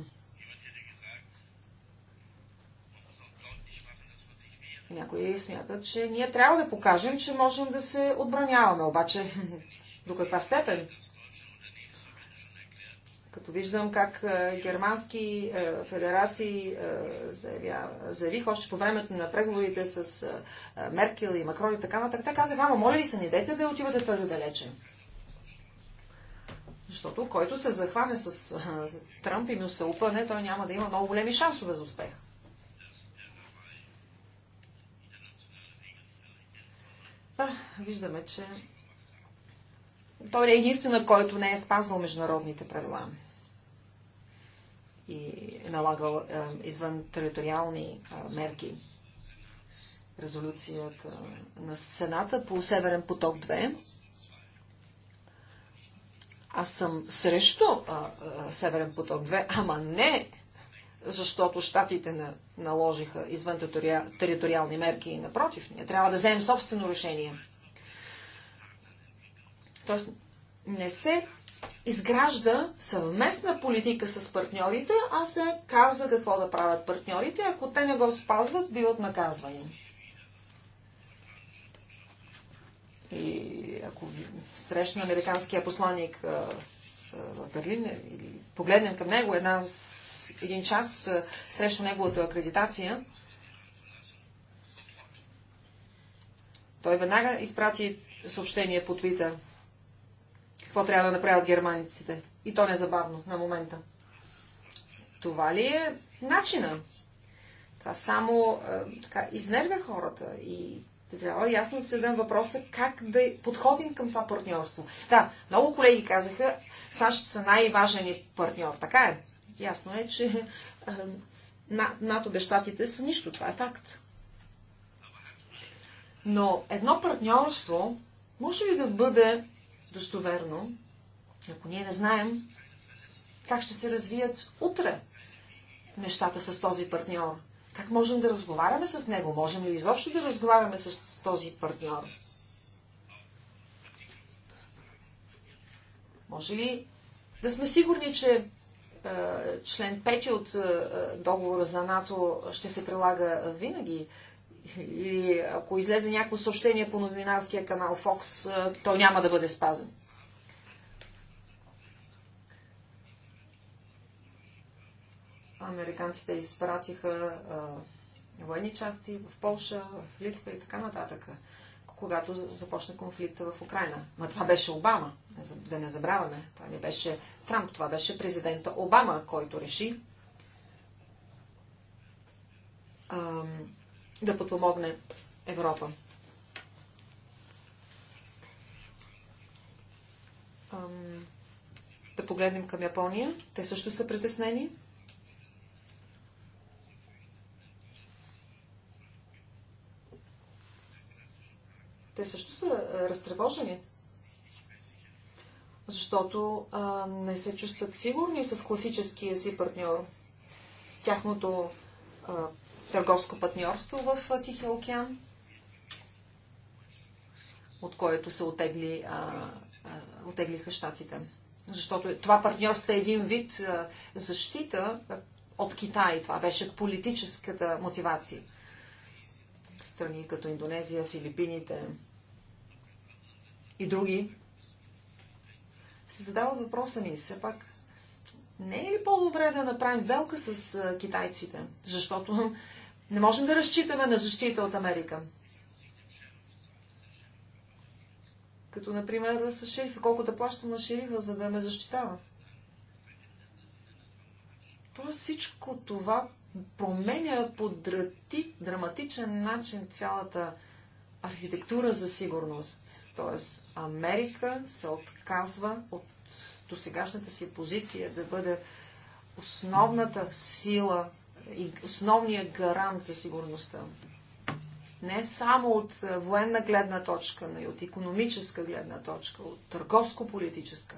Някои смятат, че ние трябва да покажем, че можем да се отбраняваме, обаче до каква степен? Като виждам как е, германски е, федерации е, заявих още по времето на преговорите с Меркел и Макрон и така нататък, те казах, ама моля ви се, не дайте да отивате твърде далече. Защото който се захване с Тръмп и му се упъне, той няма да има много големи шансове за успех. А, виждаме, че той е единствена, който не е спазвал международните правила и е налагал е, извън териториални е, мерки. Резолюцията е, на Сената по Северен поток 2. Аз съм срещу а, е, а, е, Северен поток 2, ама не защото щатите наложиха извън териториални мерки и напротив. Ние трябва да вземем собствено решение. Тоест, не се изгражда съвместна политика с партньорите, а се казва какво да правят партньорите. Ако те не го спазват, биват наказвани. И ако срещна американския посланник в Берлин или погледнем към него една, един час е, срещу неговата акредитация, той веднага изпрати съобщение по Твитър. Какво трябва да направят германиците? И то незабавно, на момента. Това ли е начина? Това само е, така, изнервя хората и трябва ясно да се дадем въпроса как да подходим към това партньорство. Да, много колеги казаха, САЩ са най-важен партньор. Така е. Ясно е, че НАТО без щатите са нищо. Това е факт. Но едно партньорство може ли да бъде достоверно, ако ние не знаем как ще се развият утре нещата с този партньор? Как можем да разговаряме с него? Можем ли изобщо да разговаряме с този партньор? Може ли да сме сигурни, че е, член 5 от е, договора за НАТО ще се прилага винаги? Или ако излезе някакво съобщение по новинарския канал Fox, е, то няма да бъде спазен? Американците изпратиха а, военни части в Полша, в Литва и така нататък, когато започна конфликта в Украина. Ма това беше Обама, да не забравяме. Това не беше Трамп, това беше президента Обама, който реши а, да подпомогне Европа. да погледнем към Япония. Те също са притеснени. те също са разтревожени, защото а, не се чувстват сигурни с класическия си партньор, с тяхното а, търговско партньорство в Тихия океан, от което се отегли, а, а, отеглиха щатите. Защото това партньорство е един вид а, защита от Китай. Това беше политическата мотивация страни, като Индонезия, Филипините и други, се задава въпроса ми, все пак, не е ли по-добре да направим сделка с китайците? Защото не можем да разчитаме на защита от Америка. Като, например, с шерифа. Колко да плащам на шерифа, за да ме защитава? Тоест всичко това променя по драти, драматичен начин цялата архитектура за сигурност. Тоест Америка се отказва от досегашната си позиция да бъде основната сила и основния гарант за сигурността. Не само от военна гледна точка, но и от економическа гледна точка, от търговско-политическа.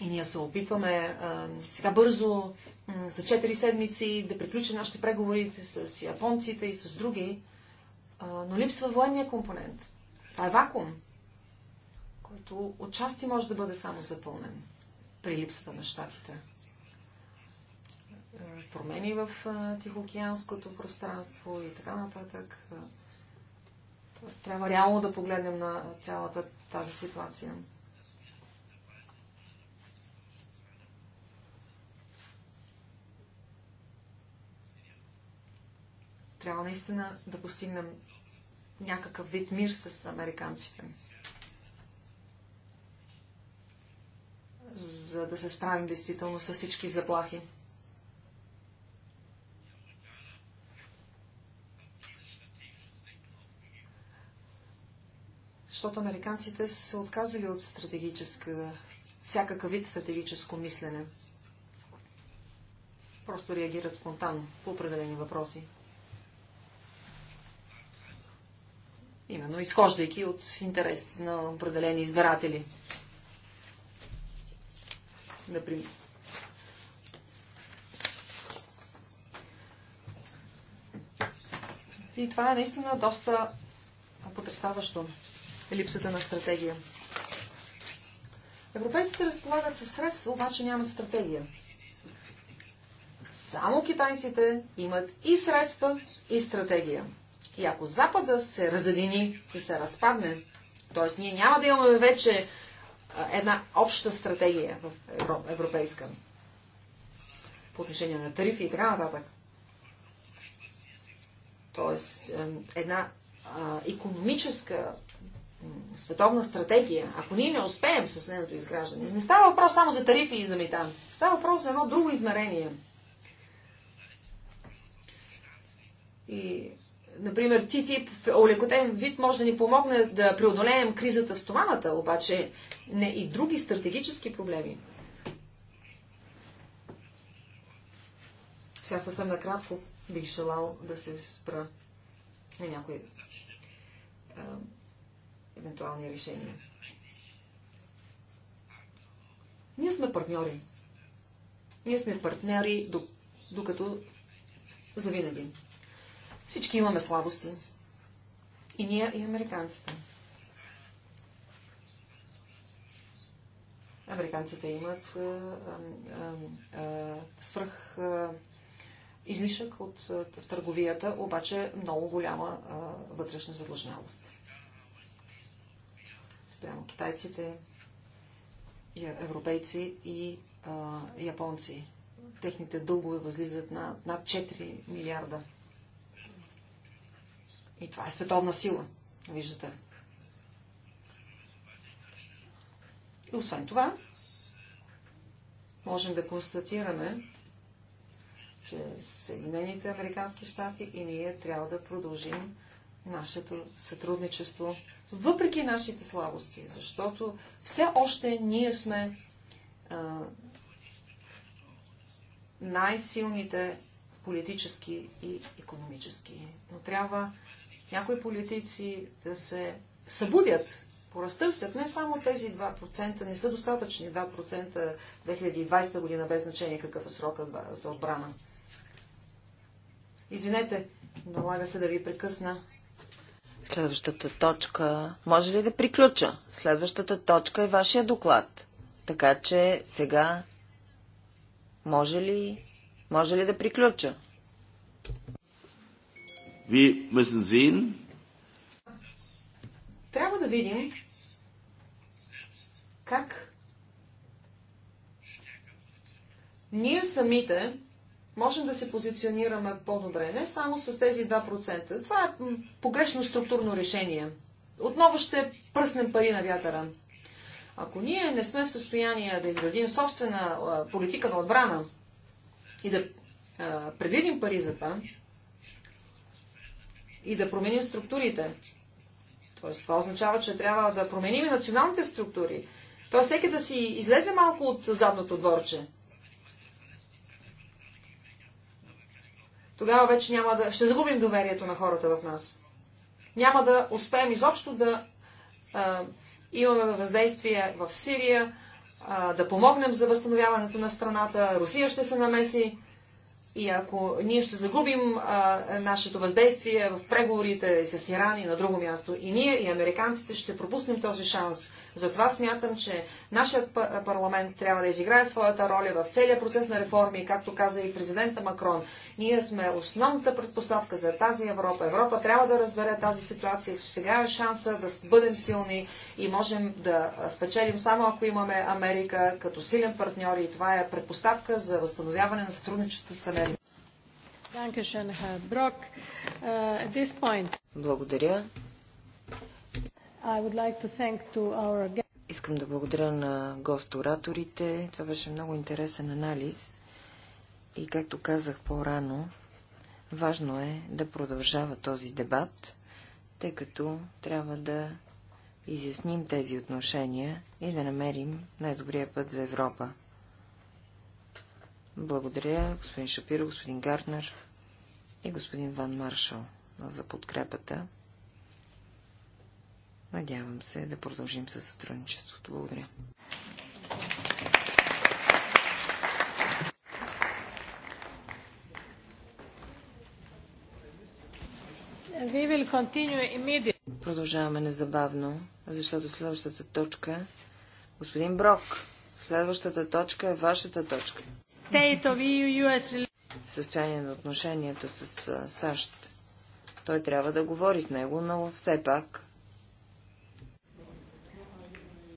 И ние се опитваме а, сега бързо, за 4 седмици, да приключим нашите преговори с японците и с други, а, но липсва военния компонент. Това е вакуум, който отчасти може да бъде само запълнен при липсата на щатите. Промени в а, Тихоокеанското пространство и така нататък. Тоест трябва реално да погледнем на цялата тази ситуация. Трябва наистина да постигнем някакъв вид мир с американците. За да се справим действително с всички заплахи. Защото американците са отказали от стратегическа, всякакъв вид стратегическо мислене. Просто реагират спонтанно по определени въпроси. именно изхождайки от интерес на определени избиратели. Например. И това е наистина доста потрясаващо. Липсата на стратегия. Европейците разполагат със средства, обаче нямат стратегия. Само китайците имат и средства, и стратегия. И ако Запада се разедини и се разпадне, т.е. ние няма да имаме вече една обща стратегия в европейска по отношение на тарифи и така нататък. Тоест, една економическа световна стратегия, ако ние не успеем с нейното изграждане, не става въпрос само за тарифи и за метан. Става въпрос за едно друго измерение. И например, ТТИП в олекотен вид може да ни помогне да преодолеем кризата в стоманата, обаче не и други стратегически проблеми. Сега съвсем накратко бих желал да се спра на някои евентуални решения. Ние сме партньори. Ние сме партньори докато завинаги. Всички имаме слабости. И ние, и американците. Американците имат а, а, а, свръх а, излишък от, в търговията, обаче много голяма а, вътрешна задлъжнялост. Спрямо китайците, европейци и а, японци. Техните дългове възлизат на над 4 милиарда и това е световна сила. Виждате. И освен това, можем да констатираме, че Съединените Американски щати и ние трябва да продължим нашето сътрудничество, въпреки нашите слабости, защото все още ние сме най-силните политически и економически. Но трябва някои политици да се събудят, поразтърсят. Не само тези 2% не са достатъчни. 2% 2020 година, без значение какъв е срока за отбрана. Извинете, налага се да ви прекъсна.
Следващата точка... Може ли да приключа? Следващата точка е вашия доклад. Така че сега... Може ли... Може ли да приключа? Wir müssen
sehen,
трябва да видим как ние самите можем да се позиционираме по-добре, не само с тези 2%. Това е погрешно структурно решение. Отново ще пръснем пари на вятъра. Ако ние не сме в състояние да изградим собствена политика на отбрана и да предвидим пари за това, и да променим структурите. Тоест, това означава, че трябва да променим и националните структури. Тоест, всеки да си излезе малко от задното дворче. Тогава вече няма да... Ще загубим доверието на хората в нас. Няма да успеем изобщо да а, имаме въздействие в Сирия, а, да помогнем за възстановяването на страната. Русия ще се намеси. И ако ние ще загубим а, нашето въздействие в преговорите с Иран и на друго място, и ние, и американците ще пропуснем този шанс. Затова смятам, че нашият парламент трябва да изиграе своята роля в целия процес на реформи, както каза и президента Макрон. Ние сме основната предпоставка за тази Европа. Европа трябва да разбере тази ситуация. Сега е шанса да бъдем силни и можем да спечелим само ако имаме Америка като силен партньор и това е предпоставка за възстановяване на сътрудничеството с намерим. Uh,
благодаря.
Like to to our...
Искам да благодаря на гост-ораторите. Това беше много интересен анализ. И както казах по-рано, важно е да продължава този дебат, тъй като трябва да изясним тези отношения и да намерим най-добрия път за Европа. Благодаря, господин Шапиро, господин Гартнер и господин Ван Маршал за подкрепата. Надявам се да продължим със сътрудничеството. Благодаря. Продължаваме незабавно, защото следващата точка... Господин Брок, следващата точка е вашата точка. E Състояние на отношенията с САЩ. Той трябва да говори с него, но все пак